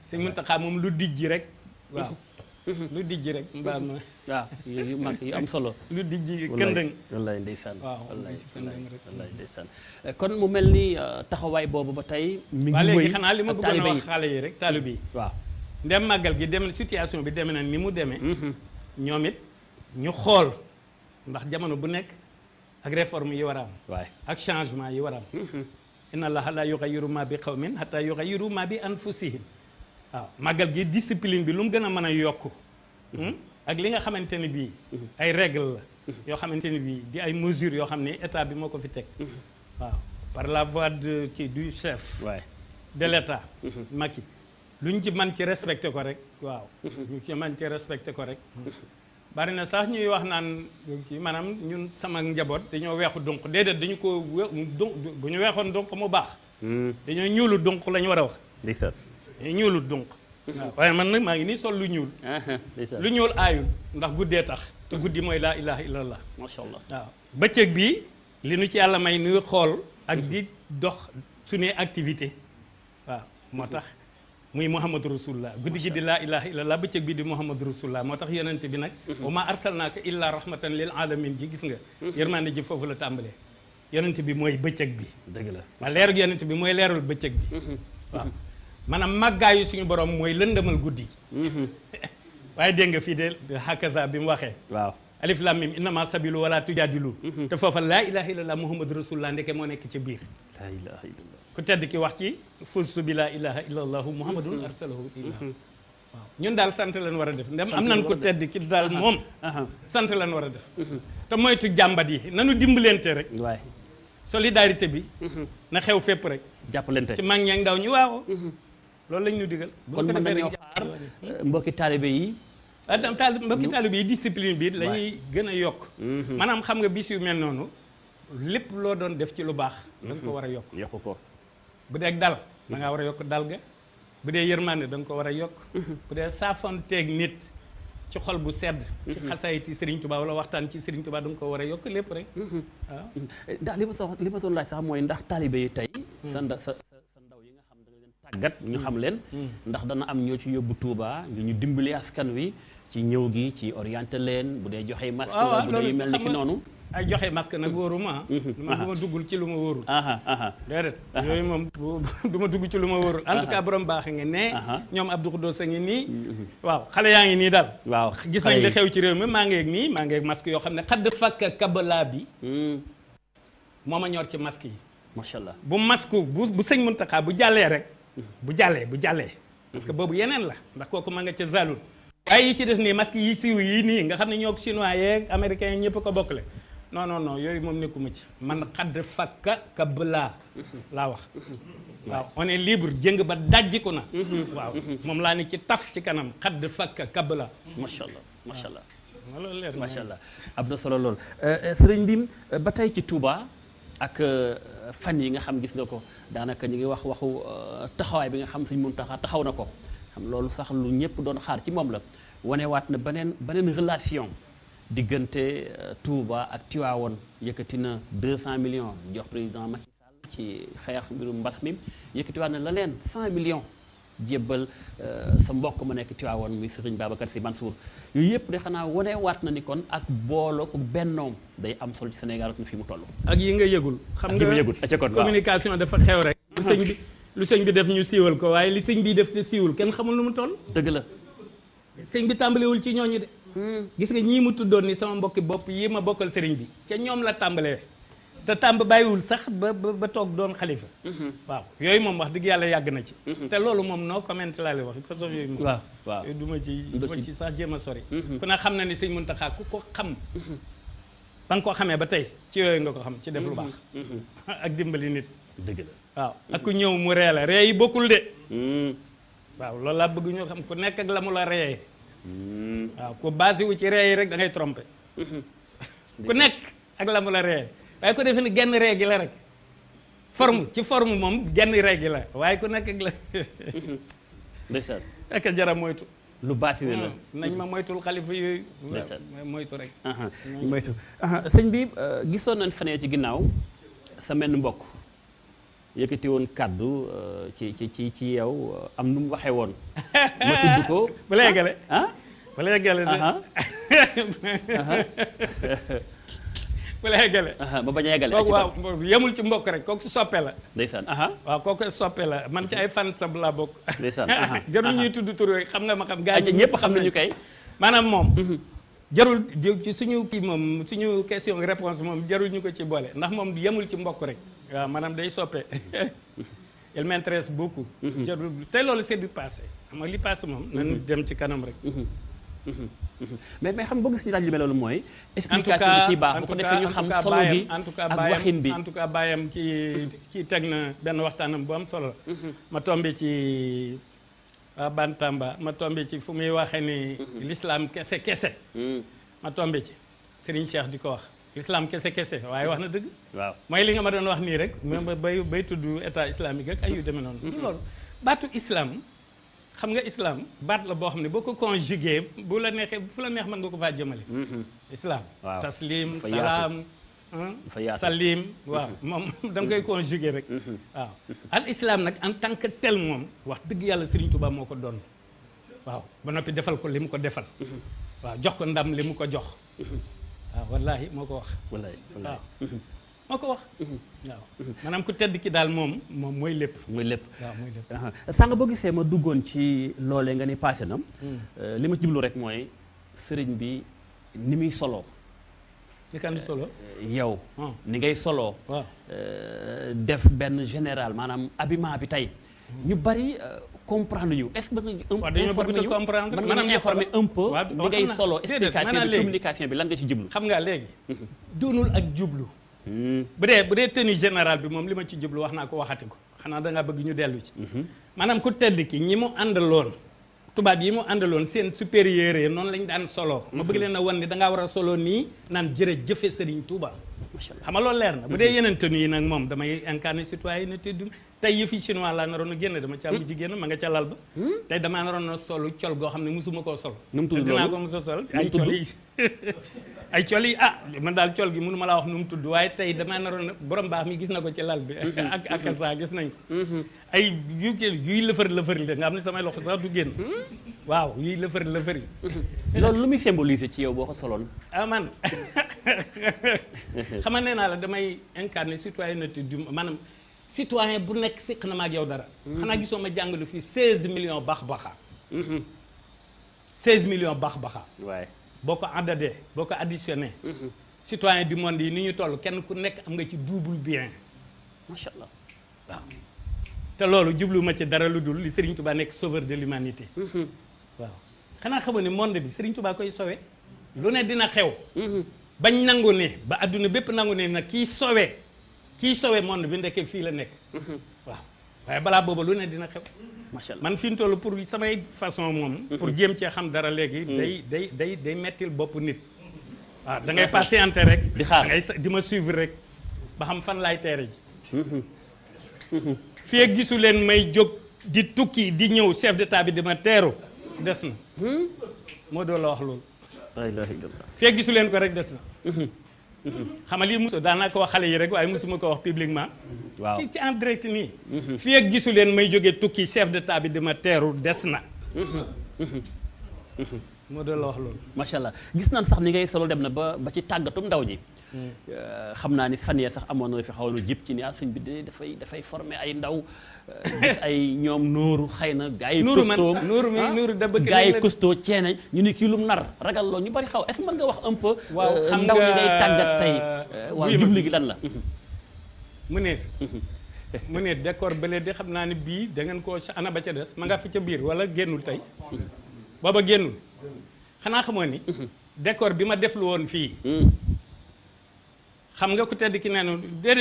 sëñ Muntaxa moom lu dijji rek waaw lu dijji rek mbaam waaw ah, yu mag yu am solo. lu di ji këndëng wallaay ndeysaan wallaay wallaay kon mu mel ni euh, taxawaay boobu ba tey. mi ngi xanaa li ma bëggoon a wax xale yi rek taalibe yi waaw ndem màggal gi dem situation bi demee na ni mu demee. Mm-hmm. ñoom it ñu xool ndax jamono bu nekk ak réforme yi war a ak changement yi war a am. Mm-hmm. inna allaha la yughayyiru ma bi qawmin hatta yughayyiru ma bi anfusihim waaw màggal gi discipline bi lu mu gën a mën a yokk. Hmm? ak li nga xamante ne bii mhm. ay règle la mhm. yoo xamante ne bii di ay mesures yoo xam ne état bi moo ko fi teg mhm. waaw par la voie de ci du chef de l'état Macky lu ñu ci man ci respecté ko rek waaw ci man ci respecté ko rek bari na sax ñuy wax naan ci maanaam ñun sama njaboot dañoo weexu donc déedéet dañu ko donc bu ñu weexoon donc mu baax dañoo ñuulu donc la ñu war a wax dañoo ñuulu donc waaye man nag maa ngi nii sol lu ñuul. lu ñuul aayul ndax guddee tax. te guddi mooy laa ilaha illallah. macha allah waaw bëccëg bi li nu ci yàlla may nuy xool. ak di dox suñuy activité waaw moo tax muy Muhammadu Rasulullah guddi gi di laa ilaha illallah bëccëg bi di Muhammadu Rasulullah moo tax yonente bi nag. Mm-hmm. wa maa arsalnaaka illaa rahmatan lil alamin ji gis nga. Mm-hmm. yërmande ji foofu la tàmbalee. yonente bi mooy bëccëg bi. dëgg la waaw leerug yonente bi mooy leerul bëccëg bi mm-hmm. waaw. maanaam màggaayu suñu borom mooy lëndëmal guddi mhm. waaye dégg nga fii de hakaza bi mu waxee waaw alif lam mim innama sabilu wala tujadilu mhm. te foofa laa ilaha illallah muhammadu rasulullah ndeke moo nekk ci biir laa ilaha ku tedd ki wax ci fustu bi laa ilaha illallahu muhammadun mhm. arsalahu ilah waaw ñun daal sant leen war a def ndem am nan ku tedd ki daal moom sant leen war a def te moytu jàmbat yi nanu dimbalante rek solidarité bi na xew fépp rek jàppalante ci mag loolu lañ ñu digal. bu ko defee rek kon mën nañoo mbokki taalibe yi. Ah, tam taal mbokki taalibe yi discipline bi. la ñuy gën a yokk. Mm-hmm. maanaam xam nga bis yu mel noonu. lépp loo doon def ci lu baax. da ko mm-hmm. war a yokk yokk ko. bu dee dal mm-hmm. da ngaa war a yokk dal ga. bu dee yërmande da nga ko war a yokk. bu dee saafonteeg nit. ci xol bu sedd. ci xasaayit yi Serigne Touba wala waxtaan ci Serigne Touba da nga ko war a yokk lépp rek. waaw ah. ndax li ma soxla li ma soxla laaj sax mooy ndax taalibe yi tey. Mm. tàggat ñu xam mm. leen mm. ndax dana am ñoo ci yóbbu Touba ñu ñu dimbali askan wi ci ñëw gi ci orienté leen bu dee joxe masque ah, bu dee mel ni noonu ay joxe masque nag wóoruma man mm-hmm. ma duggul ci lu ma wóorul déedéet yooyu moom du ma dugg ci lu ma wóorul en borom baax nga ne ñoom Abdou Khoudoss a ngi nii mm-hmm. waaw xale yaa ngi nii daal waaw gis nañ ci réew mi maa ngi ak nii maa ngi ak masque yoo xam ne xadd fakka kabala bi mm. moom ma ñor ci masque yi macha bu masque bu bu sëñ Muntaxa bu jàllee rek bu jàllee bu jàllee parce que boobu yeneen la ndax kooku ma nga ca zalul waaye yi ci des nii masque yi siiw yi nii nga xam ne ñoo chinois yeeg américains ñëpp ko bokkale non non non yooyu moom nekkuma ci man xadd fakka kabla laa wax waaw on libre jëng ba ko na waaw moom laa ne ci taf ci kanam xadd fakka kabla macha allah macha allah loolu leer macha allah am na solo lool euh, euh, sëriñ bi euh, ba tey ci tuuba ak euh, fan yi nga xam gis nga ko daanaka ñu ngi wax waxu euh, taxawaay bi nga xam suñ Muntaxa taxaw na ko xam loolu sax lu ñëpp doon xaar ci moom la wanewaat na beneen beneen relation diggante euh, Touba ak Tiwaawoon yëkkati na 200 millions jox président Macky Sall ci xeex mbirum mbas mi yëkkatiwaat na leneen 100 million jébbal euh, sa mbokk ma nekk Tiwaawoon muy Serigne Babacar Sy Mansour yooyu yëpp de xanaa wane waat na ni kon ak booloo ko bennoom day am solo ci Sénégal ak fi mu toll. ak yi nga yëgul. xam nga communication dafa xew rek. lu sëñ bi lu sëñ bi def ñu siiwal ko waaye li sëñ bi def te siiwul kenn xamul lu mu toll. dëgg la. sëñ bi tàmbalewul ci ñooñu de. Hmm. gis nga ñii mu tuddoon ni sama mbokki bopp yi ma bokkal sëriñ bi. ca ñoom la tàmbalee. te tàmb bàyyiwul sax ba ba toog doon xalifa mm-hmm. waaw yooyu moom wax dëgg yàlla yàgg na ci mm-hmm. te loolu moom noo comment laa lay wax façon yooyu moom waaw waaw du ma ci du ma ci a sori mm-hmm. ku xam na ni sëñ Muntaxa ku ko xam ba nga ko xamee ba tey ci yooyu nga ko xam ci def lu baax ak dimbali nit dëgg waaw ak ku ñëw mu ree la ree yi bokkul de mm. waaw loolu laa bëgg ñoo xam ku nekk ak la mu la reyee mm. waaw ku basé wu ci ree yi rek dangay ngay trompé ku nekk ak la la reyee waaye ku defe ne genn règle la rek forme ci forme moom genn règle la waaye ku nekk ak la ndeysaan ak jara moytu lu baatine la ah, nañ ma moytul xalifa yooyu ndeysaan moytu rek ah, ah, bi euh, gisoon na fanee ci ginnaaw sa menn mbokk yëkkati woon kàddu euh, ci ci ci ci yow euh, am nu mu waxee woon ma tudd ko ba léegale ah ba léegale ku la yeggale ba bañ a yeggale kooku waaw yemul ci mbokk rek kooku la ndeysaan waaw kooku soppe la man ci ay fan sab laa bokk ndeysaan jarul ñuy tudd tur yooyu xam nga ma xam gaa yi ñëpp xam nañu kay maanaam moom mhm. jarul ci suñu kii moom suñu question réponse moom jarul ñu ko ci boolee ndax moom yemul ci mbokk rek waaw maanaam day soppe il m'intéresse beaucoup mhm. jarul te loolu c'est du passé xam li passé moom nañu mhm. dem ci kanam rek mais mais xam bëgg suñu ñu li mel loolu mooy. explication bi ciy baax bu ko defee ñu xam solo gi ak waxin bi en tout cas bàyyam kii kii teg na benn waxtaanam bu am solo la. ma tombe ci waa Bantamba ci fu muy waxee ni. l'islam kese kese. ma tombe ci Serigne Cheikh di ko wax. l'islam kese kese waaye wax na dëgg. waaw mooy li nga ma doon wax nii rek. même bay bay tudd état islamique ak ay yu demee noonu. du mm-hmm. loolu baatu islam. xam nga islaam baat la boo xam ne boo ko conjugué bu la neexee fu la neex man nga ko faa jëmale mm-hmm. islam taslim salaam salim mm-hmm. waaw moom da nga koy mm-hmm. conjugué rek waaw al islaam nag en tant que tel moom wax dëgg yàlla Serigne Touba moo ko doon waaw ba noppi defal ko li mu ko defal waaw jox ko ndam li mu ko jox waaw wallaahi moo ko wax moo ko wax. Mhm. waaw ku tedd ki daal moom moom mooy lépp. mooy lépp waaw mooy lépp. Ah, sànq boo gisee ma duggoon ci loolee nga ni passé na. Hmm. Euh, li ma jublu rek mooy sëriñ bi ni muy soloo. ni solo. Euh, yow. Ah. ni ngay soloo. Euh, def benn général maanaam habillement bi tey. Hmm. ñu bari comprendre ñu est-ce que dañoo bëgg te comprendre mën nañu informer un peu ni ngay solo explication bi communication bi lan nga ci jublu. xam nga léegi mhm. doonul ak jublu. bu dee bu dee tenue générale bi moom li ma ci jublu wax naa ko waxati ko xanaa da bëgg ñu dellu ci. Mhm. maanaam ku tedd ki ñi mu àndaloon. tubaab yi mu àndaloon seen supérieur yi noonu lañ daan solo. ma bëgg mhm. leen na wan ni da ngaa war a solo nii naan jërëjëfe Serigne Touba. macha allah xam nga loolu leer na bu dee mhm. yeneen tenue yi nag moom damay incarné citoyenneté du tey yëfi chinois laa naroon a génn dama caa mujj génn ma nga ca lal ba. tey damaa naroon a solu col goo xam ne musuma koo sol. nu mu tudd loolu dinaa ay col yi ah man daal col gi mënu ma laa wax nu mu tudd waaye tey damaa naroon borom baax mi gis na ko ci lal bi mm-hmm. ak ak mm-hmm. saa gis nañ ko mm-hmm. ay yu yuy lëfër lëfër la nga xam ne samay loxo sax du génn waaw yuy lëfër lëfër yi loolu lu muy symboliser ci yow boo ko soloon ah man xama nee naa la damay incarner citoyenneté du maanaam citoyen bu nekk séq na ma ak yow dara xanaa gisoo ma jàngalu fii 16 millions bax baxa 16 millions bax baxa waaye boo ko addadee boo ko additionné mm-hmm. citoyen du monde yi ni ñu toll kenn ku nekk am nga ci double bien macha allah waaw te loolu jublu ma ci dara lu dul li Serigne Touba nekk sover de l'humanité mm-hmm. waaw xanaa xamoon ne monde bi Serigne Touba koy sowe lu ne dina xew mm-hmm. bañ nangu ne ba àdduna bépp nangu ne nag kii sowe kii sowe monde bi ndekkee fii la nekk waaw waaye balaa booba lu ne dina xew macha allah man fi mu toll pour samay façon moom. Mhm. pour jéem cee xam dara léegi. Mhm. day day day day mettil bopp nit. waaw ah, da ngay mhm. patienté rek. di xaar ngay di ma suivre rek ba xam fan laay teere ji. fee gisu leen may jóg di tukki di ñëw chef d'état bi di ma teeru des na. Hmm? moo doo la wax loolu. fee gisu ko rek des na. xam nga lii mosu daanaa ko wax xale yi rek waaye mosuma ko wax publiquement waaw ci ci en direct nii mhm. fii ak leen may jóge tukki chef d'état bi dama teeru des na moo doon la wax loolu macha allah gis naan sax ni ngay solo dem na ba ba ci tàggatum ndaw ñi mm. euh, xam naa ni fan yee sax amoon na fi xawoon jib ci ni ah sëñ bi de dafay dafay forme ay ndaw ay ñoom nooru xëy na gars yi costaud nooru man ah? nooru da bëgg gars yi ñu ni kii lum nar ragal loo ñu bari xaw est-ce mën nga wax un peu euh, waaw xam nga ndaw euh, euh, lan la ne mu ne mhm. d'accord bële de xam naa ne bii da ngeen koo ba ca des fi ca biir wala génnul tey booba génnul xanaa xamoo ni mhm. bi ma def woon fii mhm. xam nga ku tedd ki nee na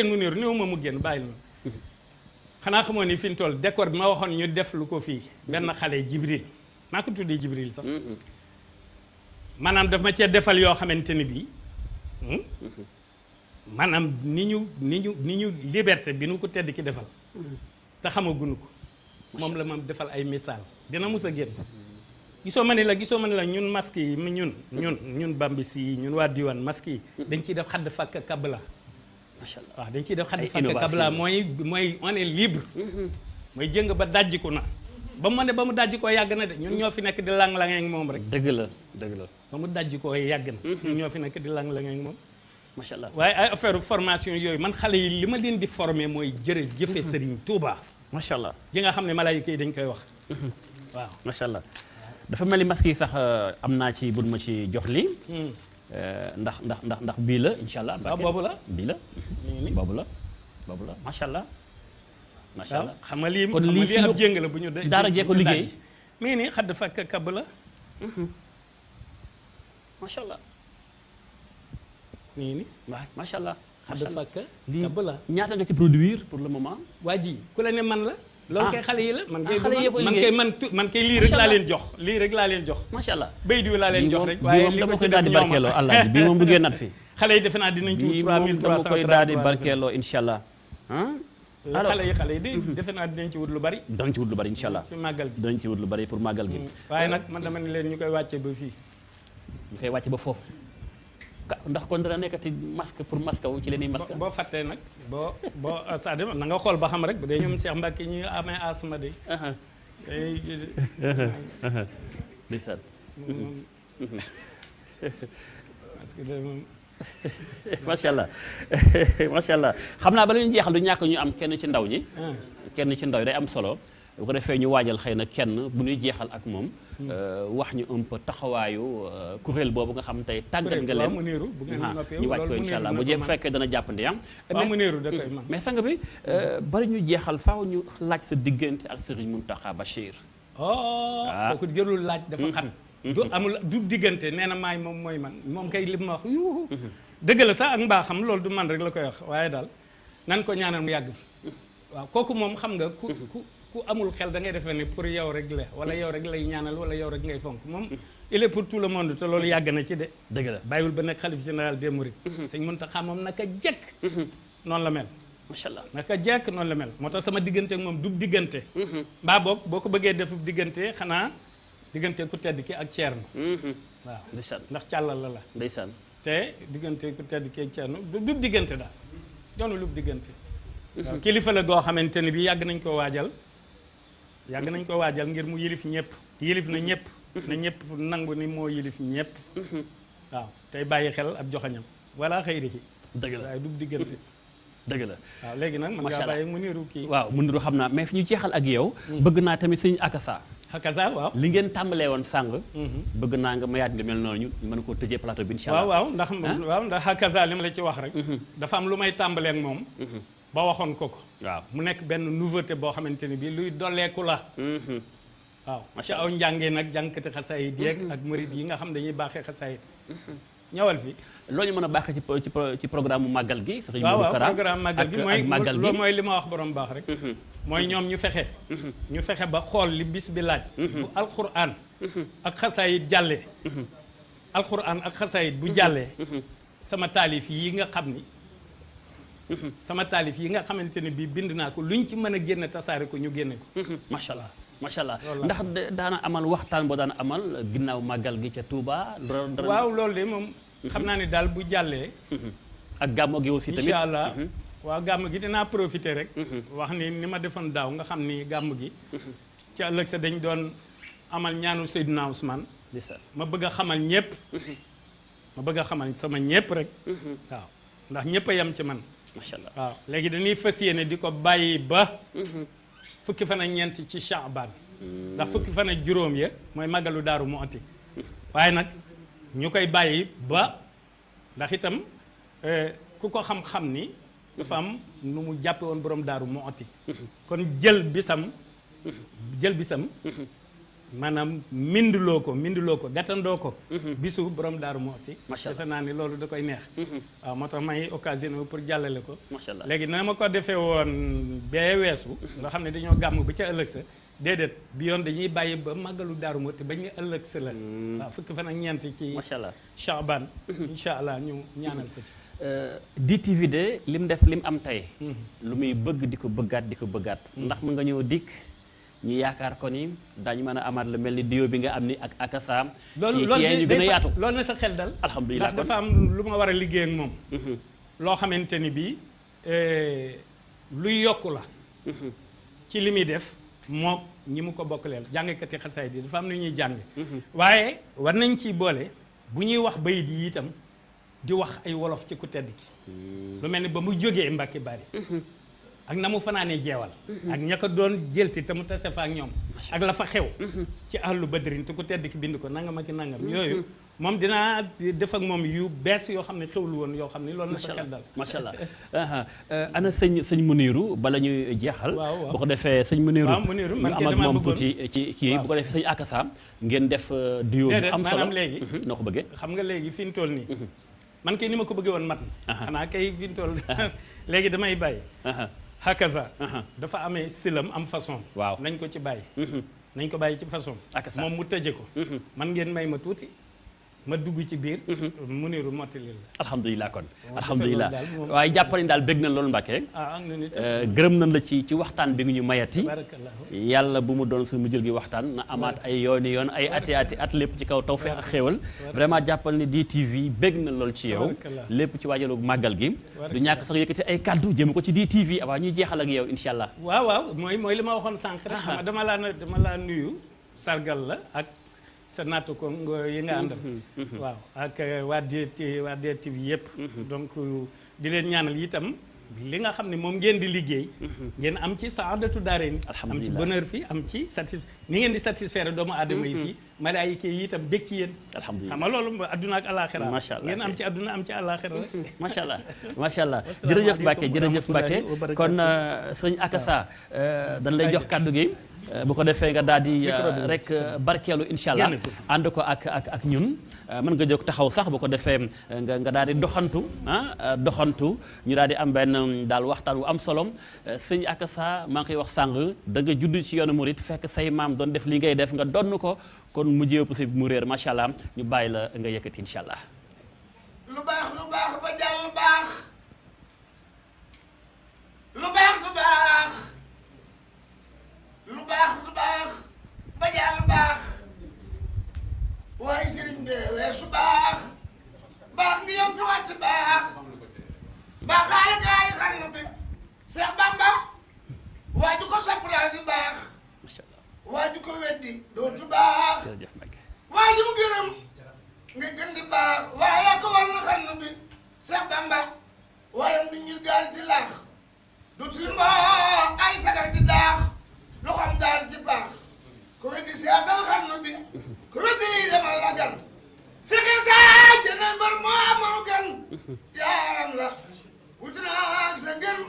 mu néeru néew ma mu génn bàyyi loolu xanaa xamoon ni fi ñu toll décor bi ma waxoon ñu def lu ko fii benn xale jibril maa ko tuddee jibril sax mm-hmm. maanaam daf ma cee defal yoo xamante ni bii hmm? mm-hmm. maanaam ni ñu ni ñu ni ñu liberté bi nu ko tedd ki defal mm-hmm. te xamagunu ko moom la ma defal ay misaal dina mus a génn gisoo ma ni la gisoo ma ne la ñun masque yi ñun ñun ñun bambis yi ñun waa diwaan masque yi dañ ciy def xadd fàkk kab la macha allah waaw dañ ciy def xaddi fàtte kabla mooy mooy on est libre mm-hmm. mooy jëng ba dajjiku na ba mu ne ba mu dajji koo yàgg na de ñun ñoo fi nekk di lang-langeeg moom rek dëgg la dëgg la ba mu dajji koo yàgg na mm-hmm. ñun ñoo fi nekk di lang-langeeg moom macha allah waaye ay affaire formation yooyu man xale yi li ma leen di former mooy jërëjëfe mm-hmm. Serigne Touba macha allah ji xam ne malaayika yi dañ koy wax waaw macha allah dafa mel ni masque sax euh, am naa ci bul ma ci jox li mm. Eh, ndax ndax ndax ndax bii la incha allah. waaw boobu la bii la. boobu la boobu la macha allah. macha allah xam nga lii kon lii ab jéng la bu ñu daara jee ko liggéey. mi ngi nii xadd fakk kab la. Mhm. macha allah. mi ngi nii waaw macha allah. xadd fakk kab la lii ñaata nga ci produire pour le moment. waa ji ku la ne man la. loolu ah. kay xale yi la man kay ah, man kay man man kay lii rek laa leen jox lii rek laa leen jox macha allah bay diw laa leen jox rek waaye li ko ci def ñoom barkeeloo allah bi moom bu génnaat fii xale yi defe naa dinañ ci 3300 koy daal di barkeeloo incha allah euh, alors xale yi xale yi di mhm. defe naa dinañ ci wut lu bari dinañ ci wut lu bari incha allah màggal gi dinañ ci wut lu bari pour màggal gi mm. waaye nag man dama ne leen ñu koy wàcce ba fii ñu koy wàcce ba foofu ndax kon dana nekkati masque pour masque wu ci leen masque boo fattee nag boo boo cest à na nga xool ba xam rek bu dee ñoom Cheikh Mbacke ñuy amee asma de eh, ndeysaan macha allah macha allah xam naa ba la ñu jeexal du ñàkk ñu am kenn ci ndaw ñi ah. kenn ci ndaw yi day am solo bu ko defee ñu waajal xëy na kenn bu ñuy jeexal ak moom. Hmm. Euh, wax ñu un peu taxawaayu euh, kuréel boobu nga xam tey tàggat nga leen. Ah, ñu waaj ko incha allah bu jeex bu fekkee dana jàppandi ah. mais sang bi euh, bari ñu jeexal faaw ñu laaj sa diggante ak Serigne Mountakha Bachir. oh ah. kooku jërul laaj dafa hmm. xam. Hmm. du amul du diggante nee na maay moom mooy man moom kay li ma wax yuuhu. sax ak mbaaxam loolu du man rek la koy wax waaye daal nan ko ñaanal mu yàgg fi kooku moom xam nga ku ku amul xel da ngay defee ne pour yow rek la wala yow rek lay ñaanal wala yow rek ngay fonk moom il est pour tout le monde te loolu yàgg na ci de dëgg la bàyyiwul ba nekk xalif général des mourides mhm. sëñ Muntaxa moom naka jekk mhm. noonu la mel macha allah naka jekk moo tax sama diggante moom du diggante mhm. mbaa boog boo ko bëggee defub diggante xanaa diggante ku tedd ki ak Ceerno waaw ndeysaan ndax càllal la la ndeysaan te diggante ku tedd ki ak Ceerno du diggante daal doonu lu diggante waaw kilifa la goo xamante ne bi yàgg nañ koo waajal yàgg nañ ko waajal ngir mu yilif ñëpp yilif na ñëpp na ñëpp nangu ni moo yilif ñëpp waaw tey bàyyi xel ab joxañam wala xëyri ci dëgg la waaye du diggante dëgg la waaw léegi nag mën ngaa bàyyi mu niru kii waaw mu niru xam naa mais fi ñu jeexal ak yow hmm. bëgg naa tamit suñu akasa akasa waaw li ngeen tàmbalee woon sàng hmm. bëgg naa nga mayaat nga mel noonu ñu koo tëjee plateau bi waaw waaw ndax ah? waaw ndax li ma la ci wax rek hmm. dafa am lu may tàmbalee moom ba waxoon ko ko. waaw mu nekk benn nouveauté boo xamante ni bii luy dolleeku la. Mm-hmm. waaw macha aw njàngee nag jànkati xasaayid yeeg mm-hmm. ak murid yi nga xam dañuy baaxee xasaayid mm-hmm. ñëwal fi loo ñu mën a baaxee ci ci programme màggal gi sax waaw waaw màggal gi mooy màggal mooy li ma wax borom baax rek mooy ñoom ñu fexe ñu fexe ba xool li bis bi laaj bu alquran ak xasaayid jàllee alquran ak xasaayid bu jàllee sama taalif yi nga xam ni sama taalif yi nga xamante ne bii bind naa ko luñ ci mën a génn tasaare ko ñu génne ko. Mm-hmm. macha allah macha allah ndax daana amal waxtaan boo daan amal ginnaaw màggal gi ca Touba. waaw loolu de moom. xam naa ne daal bu jàllee. Mm-hmm. ak gàmmu gi aussi tamit incha allah. Mm-hmm. gàmm gi dinaa profité rek. wax ni ni ma defoon daaw nga xam ni gàmm gi. ci ëllëg sa dañ doon amal ñaanu Seydina Ousmane. ma bëgg a xamal ñëpp. ma bëgg a xamal sama ñëpp rek. waaw ndax ñëpp a yem ci man. macha allah waaw léegi dañuy fas yéene di ko bàyyi ba. Mhm. fukki fan ak ñeent ci Shaaban. Mm. ndax fukki fan ak juróom ya mooy màggalu daaru mu ati waaye nag ñu koy bàyyi ba ndax itam euh, ku ko xam-xam ni. dafa am nu mu jàppe woon borom daaru mu ati mhm. kon jël bisam. jël bisam. Mhm. maanaam minduloo ko minduloo ko gàttandoo ko mhm. bisu borom daaru mooti defe naa ni loolu da koy neex mhm. waaw moo tax may occasion pour jàllale ko léegi na ma ko defee woon bee weesu nga xam ne dañoo gàmm ba ca ëllëg sa déedéet bi yoon dañuy bàyyi ba màggalu daaru mooti bañ nga ëllëg sa la mhm. waaw fukki fan ak ñeent ci Shaaban incha allah ñu ñaanal ko ci euh, DTV de lim def lim am tey lu muy bëgg di ko bëggaat di ko bëggaat ndax mu nga ñëw dikk ñu yaakaar ko ni daañu mën a amaat lu mel ni diwo bi nga am ni ak ak asaam. loolu yaatu loolu na sa xel dal. alhamdulilah ndax dafa am lu ma war a liggéey ak moom. Mhm. loo xamante ni bii eh, luy yokku la. Mhm. ci li muy def moom ñi mu ko bokkaleel jàngkati xasaay di dafa am na ñuy jàng. Mhm. waaye war nañ ciy boole bu ñuy wax bayit yi itam di wax ay wolof ci ku tedd ki. lu mel ni ba mu jógee Mbacke Bari. ak na mu fanaanee jeewal ak ña ko doon jël si te mu tase fa ak ñoom ak la fa xew ci ahlu badrin te ku tedd ki bind ko nangama ak nangam yooyu moom dinaa def ak moom yu bees yoo xam ne xewlu woon yoo xam ne loolu la sa xel dal macha allah eh, ana sëñ sëñ Muniru bala ñuy jeexal bu ko defee sëñ Muniru ñu am ak moom tuuti ci kii bu ko defee sëñ ngeen def eh, duo bu am solo léegi mhm, noo ko bëggee xam nga léegi fi ñu toll nii mhm. man kay ni ma ko bëggee woon mat na xanaa kay fi ñu léegi damay bàyyi hakaza uh-huh. dafa amee silam am façon waaw nañ ko ci bàyyi mm-hmm. nañ ko bàyyi ci façon moom mu tëje ko mm-hmm. man ngeen may ma tuuti ma dugg ci biir mhm. mu niru mottali la alhamdulilah kon alhamdulilah waaye jàppal ni daal bég nañ loolu Mbàkke ah, euh, gërëm na la ci ci waxtaan bi nga ñu mayati yàlla bu mu doon suñu mujjul gi waxtaan na amaat ay yooni yoon ay ati ati at lépp ci kaw tawfeex ak xéewal vraiment jàppal ni DTV bég na lool ci yow lépp ci waajalu màggal gi du ñàkk sax yëkkati ay kàddu jëm ko ci DTV avant ñuy jeexal ak yow insha allah waaw waaw mooy li ma waxoon sànq rek ah, ah. dama laa dama laa nuyu sargal la ak sa naatu ko yi nga àndal mm-hmm. Mm-hmm. waaw ak euh, waa DTV waa DTV yëpp mm-hmm. donc euh, di leen ñaanal itam li nga xam ne moom ngeen di liggéey ngeen am ci saadatu daare ni am ci bonheur fii am ci satis ni ngeen di satisfaire doomu aadama yi fii malaayika yi itam bekk yéen alhamdulilah loolu adduna ak alaxira macha allah ngeen am ci adduna am ci alaxira rek macha allah macha allah jërëjëf Mbacke jërëjëf Mbacke kon euh, sëñ Akassa dañ lay jox kàddu gi Euh, bu ko defee nga daal di euh, rek euh, barkeelu incha ànd ko ak ak ak ñun mën nga jóg taxaw sax bu ko defee nga nga daal di doxantu ah doxantu ñu daal di am benn um, daal waxtaan wu am solom sëñ ak sa maa ngi koy wax sàng danga nga judd ci yoonu murit fekk say maam doon def li ngay def nga donn ko kon mu jéew si mu réer macha allah ñu bàyyi la nga yëkkati incha allah lu baax lu baax ba jàll baax lu baax lu baax lu baax bajaa lu baax waaye sëriñ bee weesu baax baax ngi yam fi watt baax baaxaale gaay xarnu bi Seex Bamba waa ju ko sopp daal di baax waa ju ko weddi dootu baax waa ju mu gërëm nga gën di baax waaye yaa ko war na xarnu bi Seex Bamba waaye mu du ñir gaari ci laax du ci mbaa ay sagar di daax lu xam daar ci baax ku weddi seetal xam nu bi ku weddi demal la gan si xisaa jëne mbar moo amaru gan yaaram la wuti naa ak sa gën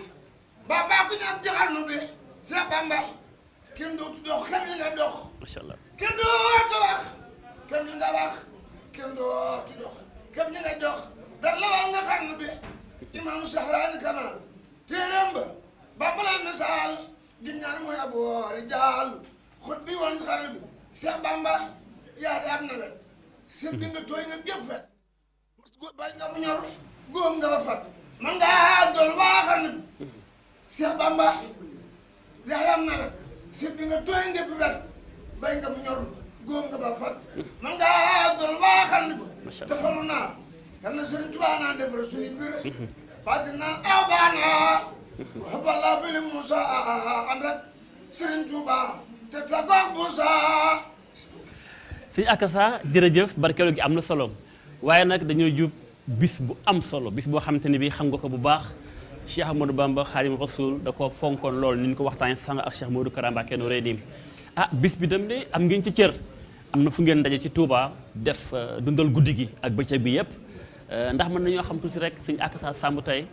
ba baa ku ñam ci xarnu bi si bamba kenn dootu dox kenn li nga dox masha Allah kenn dootu wax kenn li nga wax kenn dootu dox kenn li nga dox dara la wal nga xarnu bi Kamal téeréem ba bamba la misaal ginnaar mooy aboor jaal xut bi woon xar bi Seex Bamba yaa di ab nawet sëb bi nga tooy nga gépp fet bay nga mu ñor góom nga ba fat man ngaa dool waaxar na bi Seex Bamba yaa di ab nawet sëb bi nga tooy nga gépp bay nga mu ñor góom nga ba fat man ngaa dool waaxar na bi te falu naa yal na Sëriñ Tuubaa naa defar suñu biir baati naa aw baa naa walla fili Moussa ànd ak Serigne Touba te am na solo waaye nag dañoo jub bis bu am solo bis boo xamante ni bi xam nga ko bu baax Cheikh Ahmadou Bamba Xaadimu Rasuul da ko fonkoon lool ni ñu ko waxtaan sang ak Cheikh Modou Kara Mbacké Noreyni ah bis bi dem de am ngeen ci cër am na fu ngeen daje ci Touba def dundal guddi gi ak bëccëg bi yëpp eh, ndax mën nañoo xam tuuti rek sëñ Akassa Samb tey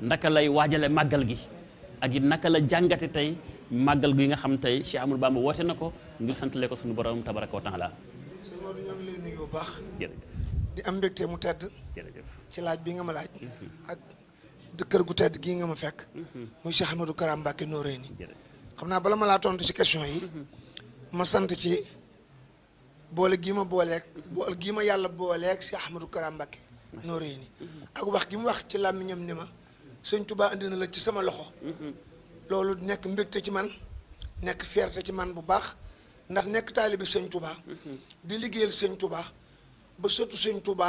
naka lay waajale màggal gi ak it naka la jàngate tey màggal gi nga xam tey Cheikh Amadou mu woote na ko ngir santale ko suñu borom tabaraka wa taala di am mbégte mu tedd jërëjëf ci laaj bi nga ma laaj mm-hmm. ak gu tedd gii nga ma fekk mm-hmm. muy Cheikh Amadou Karam Mbacke Noreyni xam naa bala ma laa tontu ci question yi mm-hmm. ma sant ci boole gii ma booleeg boole gii ma yàlla booleeg Cheikh Amadou Karam Mbacke Noreyni ak wax gi mu wax ci làmmiñam ni ma sëñ tubaa indi na la ci sama loxo. Mhm. loolu nekk mbégte ci man nekk fierté ci man bu baax ndax nekk taalibe sëñ Touba. Mhm. di liggéeyal sëñ Touba ba sotu sëñ Touba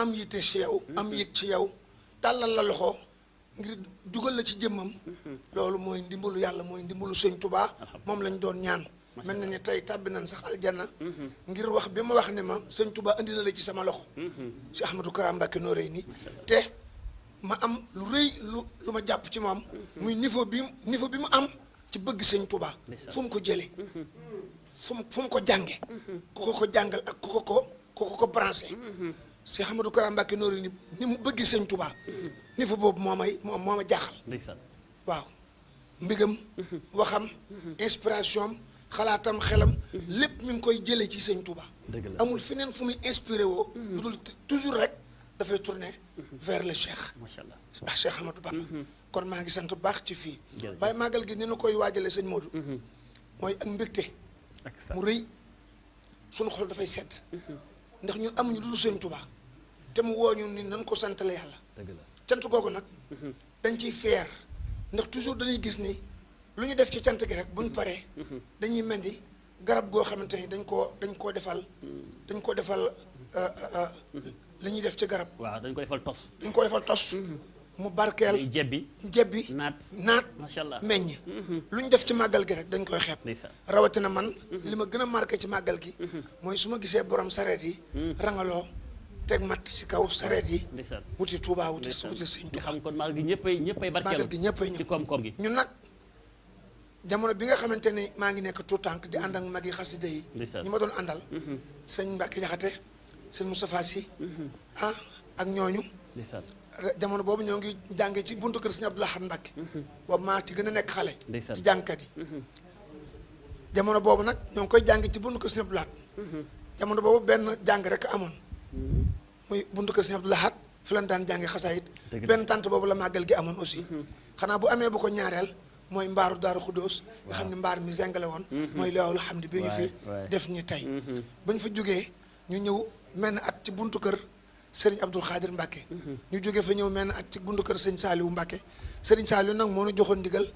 am yitte ci yow. am mhm. yëg ci yow tàllal la loxo. ngir dugal la ci jëmmam loolu mooy ndimbalu yàlla mooy ndimbalu sëñ tubaa moom lañ doon ñaan mel na ni tey tàbbi nañ sax aljanna ngir wax bi ma wax ne ma sëñ tubaa indi na la ci sama loxo si Ahmadou Kara Mbacké nii te ma am lu rëy lu lu ma jàpp ci moom muy niveau bi niveau bi mu am ci bëgg sëñ Tuubaa fu mu ko jële fu mu ko jànge ku ko ko jàngal ak ku ko ko ku ko ko branché Cheikh Amadou Kara Mbacké Noreyni ni ni mu bëgg sëñ Tuubaa niveau boobu moo may moom moo ma jaaxal waaw mbigam waxam inspiration xalaatam xelam lépp ñu ngi koy jëlee ci sëñ Tuubaa amul feneen fu muy inspiré woo mm-hmm. lu dul toujours rek dafay tourner vers le cheikh. macha allah ndax cheikh Amadou mm-hmm. kon maa ngi sant bu baax ci fii. waaye màggal gi ni nu koy waajalee sëñ Modou. Mm-hmm. mooy ak mbégte. mu rëy sunu xol dafay sedd. Mm-hmm. ndax ñun amuñu lu dul sëñ Touba. te mu woo ñu ni nan ko la yàlla. cant googu nag. dañ ciy feer ndax toujours dañuy gis ni lu ñu def ci cant gi rek buñ paree. dañuy mel ni garab goo xamante ni dañ koo dañ koo defal. dañ koo defal. Euh, euh, euh, li ñuy def ci garab. waaw dañ ko defal tos. dañ ko defal tos. Mhm. mu barkeel jebbi jebbi naat naat macha allah meññ mhm. lu ñu def ci màggal gi rek dañ koy xeeb rawatina man mhm. li ma gën a marke ci màggal gi mooy su ma gisee borom sareet yi rangaloo teg mat si kaw sareet yi wuti Touba wuti wuti sëñ Touba kon màggal gi ñëppay ñëppay barkeel màggal gi ñëppay ñëw ci koom-koom gi ñun nag jamono bi nga xamante ni maa ngi nekk tout tànk di ànd ak mag yi xasida yi ñi ma doon àndal sëñ Mbacke Jaxate sëñ Moustapha Sy mhm. ah ak ñooñu jamono boobu ñoo ngi jànge ci buntu kër sëñ Abdou Lahad Mbacké mhm. boobu maa ci gën a nekk xale ci jàngkat yi mhm. jamono boobu nag ñoo ngi koy jànge ci buntu kër sëñ Abdou Lahad jamono boobu benn jàng rek amoon muy buntu kër sëñ Abdou fu fi leen daan jànge xasaayit benn tànt boobu la màggal gi amoon aussi xanaa bu amee bu ko ñaareel mooy mbaaru daaru xuddoos nga xam ne mbaar mi zeng woon mooy loolu xam ni bi ñu fi def ñi tey bañ fa jógee ñu ñëw menn at ci buntu kër sëriñ Abdul Xaadir Mbàkke ñu jóge fa ñëw menn at ci buntu kër sëriñ Saaliwu Mbàkke sëriñ Saaliwu nag moo nu joxoon ndigal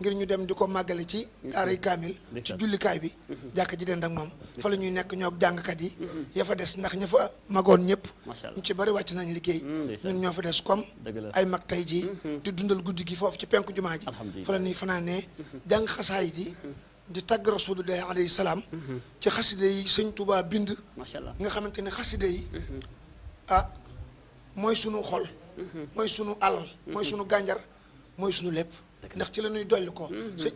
ngir ñu dem di ko màggale ci daaray kaamil ci jullikaay bi mhm. jàkk ji den ak moom fa la ñuy nekk ñoo jàngkat yi mhm. ya fa des ndax ña fa magoon ñëpp ñu ci bari wàcc nañ liggéey mm, ñun ñoo fa des comme ay mag tey ji mhm. di dundal guddi gi foofu ci penku jumaa ji fa la ñuy fanaanee jàng xasaay ji di tàgg rasulullahi alayhi salaam. ci xaside yi sëñ Touba bind. macha nga xamante ne xaside yi. Mm-hmm. ah mooy sunu xol. Mm-hmm. mooy sunu alal. Mm-hmm. mooy sunu gànjar mooy sunu lépp. ndax ci la nuy dolli ko.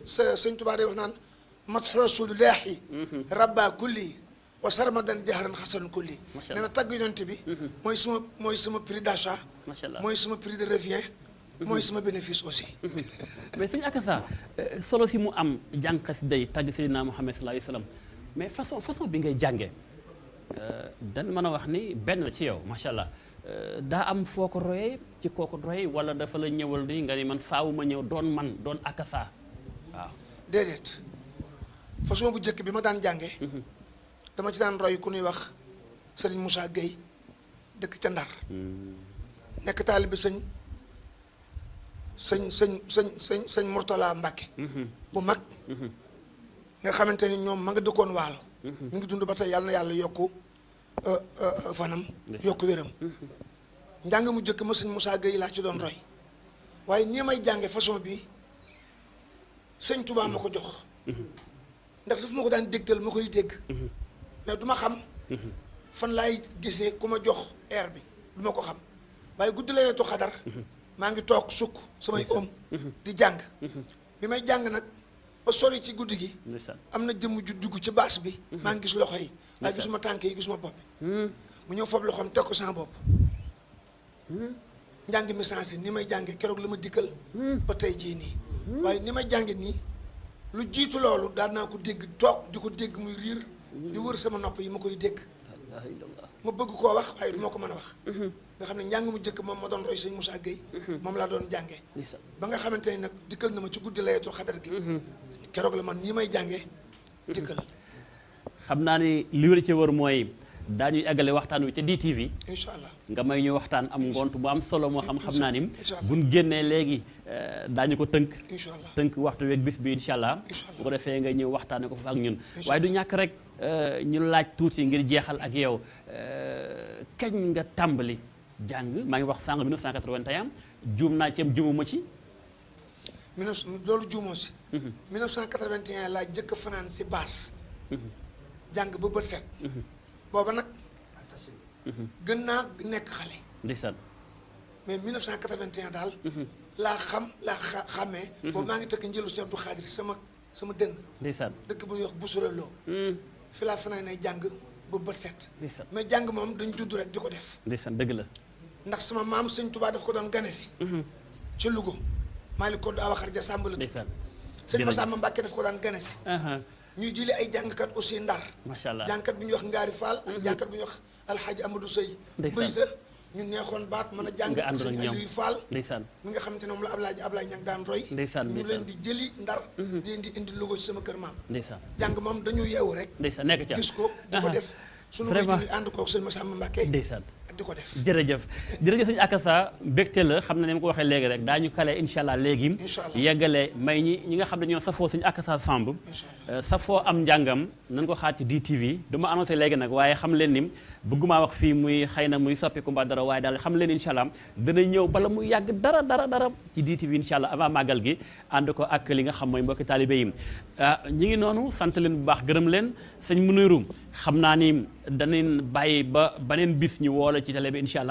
sa sëñ Touba day wax naan. matxu rasulullahi rabba kulli wa sarmadan jaharan xasan kulli. macha allah nee na tàgg yonent bi. mooy sama mooy sama prix d'achat. macha allah mooy sama prix de revient. mooy sama bénéfice aussi. mais sëñ Akassa euh, solo si mu am jàng xasida yi tàgg Seydina Muhammad sallallahu alayhi wa sallam mais façon façon bi ngay jàngee euh, dan mën a wax ni benn la ci yow macha allah euh, daa am foo ko royee ci koo ko royee wala dafa la ñëwal di nga ni man faawu ma ñëw doon man doon Akassa waaw. déedéet façon bu njëkk bi ma daan jàngee. Mhm. dama ci daan roy ku nuy wax Serigne Moussa Gueye dëkk ca Ndar. Hmm. nekk taalibe sëñ. sëñ sëñ sëñ sëñ sëñ Mourtala Mbacke. Mhm. bu mag. Mhm. nga xamante ni ñoom ma nga dëkkoon waalo. mu mhm. ngi dund ba tey yàlla na yàlla yokku euh, euh, fanam. yokk wéram. njàng mu jëkk ma sëñ Moussa Gueye laa ci doon roy. waaye nii may jànge façon bi sëñ Touba ma ko jox. ndax daf ma ko daan dégtal ma koy dégg. mais du ma xam. fan laay gisee ku ma jox air bi du ko xam waaye guddi la yetu xadar. maa ngi toog sukk samay oom di jàng bi may jàng nag ba sori ci guddi gi am na jëmm ju dugg ci baas bi mhm. maa ngi gis loxo yi waaye gisuma tànk yi gisuma bopp hmm. mu ñëw foofu loxoom teg ko sama bopp hmm. njàng mi sensé ni may jànge keroog la ma dikkal hmm. ba tey jii nii waaye ni may jànge nii lu jiitu loolu daan naa ko dégg toog di ko dégg muy riir di wër sama nopp yi ma koy dégg ma bëgg koo wax waaye du ma ko mën a wax nga xam ne njàng mu njëkk moom ma doon roy sëñ sa Gueye mhm. moom laa doon jànge ba nga xamante ni nag dikkal na ma ci guddi layetul xadar gi mhm. keroog la ma ñi may jànge mhm. dikkal xam naa ne li wér ci wër mooy daañuy àggale waxtaan wi ca DTV incha allah nga may ñu waxtaan am ngont mu am solo moo xam xam naa ni buñ génnee léegi eh, daañu ko tënk tënk waxtu weeg bis bi incha allah bu ko defee nga ñëw waxtaane ko fa ak ñun waaye du ñàkk rek eh, ñu laaj tuuti ngir jeexal ak yow eh, kañ nga tàmbali jàng maa ngi wax sànq 1981 juum naa ceeb juumu ma ci. minef loolu juumoo si. 1981 mhm. laa jëkk fanaan si baas. Mhm. jàng ba bët set. Mhm. booba nag. gën naa nekk xale. ndeysaan. mais 1981 daal. laa xam laa xa xàmmee. boobu maa ngi tëkk njëlu Cheikh Abdou sama sama dënn. ndeysaan dëkk bu ñuy wax Boussole Lo. fi laa fanaan ay jàng ba bët set. mais jàng moom dañ judd rek di ko def. ndeysaan dëgg la. ndax sama maam sëñ Tuubaa daf ko doon gane si mhm. ci Louga Malick Kodd Awa Xarja Sàmb la tudd sëñ Masamba Mbàkke daf ko daan gane si mhm. ñuy jëlee ay jàngkat aussi ndar macha allah jàngkat bi ñuy wax Ngaari Fall ak mhm. jàngkat bi ñuy wax Alxaaji Amadou Sëy mbay sa ñu neexoon baat mën a jàng ak sëñ Aliou Fall ndeysaan mi nga xam te ne moom la Ablaye Ablaye ñang daan roy ndeysaan ñu leen di jëli ndar di leen di indi Louga ci sama kër maam ndeysaan jàng moom dañu yeewu rek ndeysaan nekk ci gis ko di ko def suñu wéy di ànd kook sëñ Masamba Mbàkke ndeysaan di ko def jërëjëf jërëjëf sëñ Akassa bégte la xam na ne ma ko waxee léegi rek daañu kale incha allah léegi yeggale may ñi ñi nga xam ne ñoo safoo sëñ Akassa Samb euh, safoo am njàngam nan ko xaar ci DTV dama annoncé léegi nag waaye xam leen ni bëggumaa wax fii muy xay na muy soppi kumba dara waaye daal xam leen incha allah dana ñëw bala mu yàgg dara dara dara ci DTV incha allah avant màggal gi ànd ko ak li nga xam mooy mbokki taalibé yi euh, ñi ngi noonu sant leen bu baax gërëm leen sëñ Muniru xam naa ni danañ bàyyi la ci télé bi incha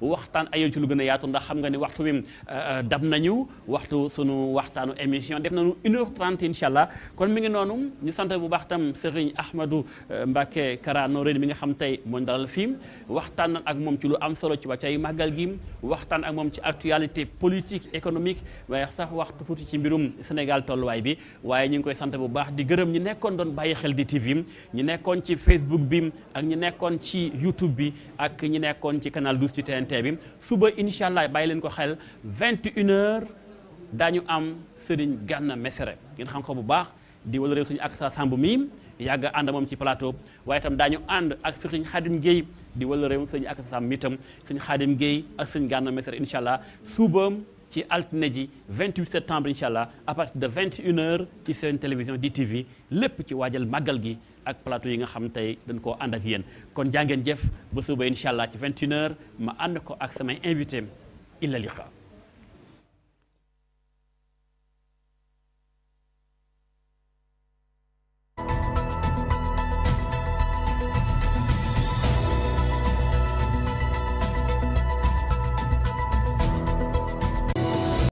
waxtaan ak yow ci lu gën a yaatu ndax xam nga ni waxtu wi euh, euh, dab nañu waxtu sunu waxtaanu émission def nañu une heure trente incha allah kon mi ngi noonu ñu sant bu baax tam Serigne Ahmadou euh, Mbacke Kara Noreyni mi nga xam tey moo ñu dalal fii waxtaan nag ak moom ci lu am solo ci wàccay màggal gi waxtaan ak moom ci actualité politique économique waaye sax waxtu tuuti ci mbirum Sénégal tolluwaay bi waaye ñu ngi koy sant bu baax di gërëm ñu nekkoon doon bàyyi xel di TV ñi nekkoon ci Facebook bi ak kon ci canal 12 ci TNT bi suba incha allah bàyyi leen ko xel 21h daañu am Serigne Gana Messere ngeen xam ko bu baax di wala réew suñu ak sa Samb mii yàgg ànd moom ci plateau waaye itam daañu ànd ak sëriñ Xaadim Guèye di wala réew sëñ ak sa Samb mi itam sëñ Xaadim Guèye ak sëñ Gana Messere incha allah suba. ci altine ji 28 septembre incha allah à partir de 21 heures ci seen télévision DTV lépp ci waajal màggal gi ak plateau yi nga xam tey dañ koo ànd ak yéen kon jaa ngeen ba suba incha allah ci 21 heures ma ànd ko ak samay invité illa liqa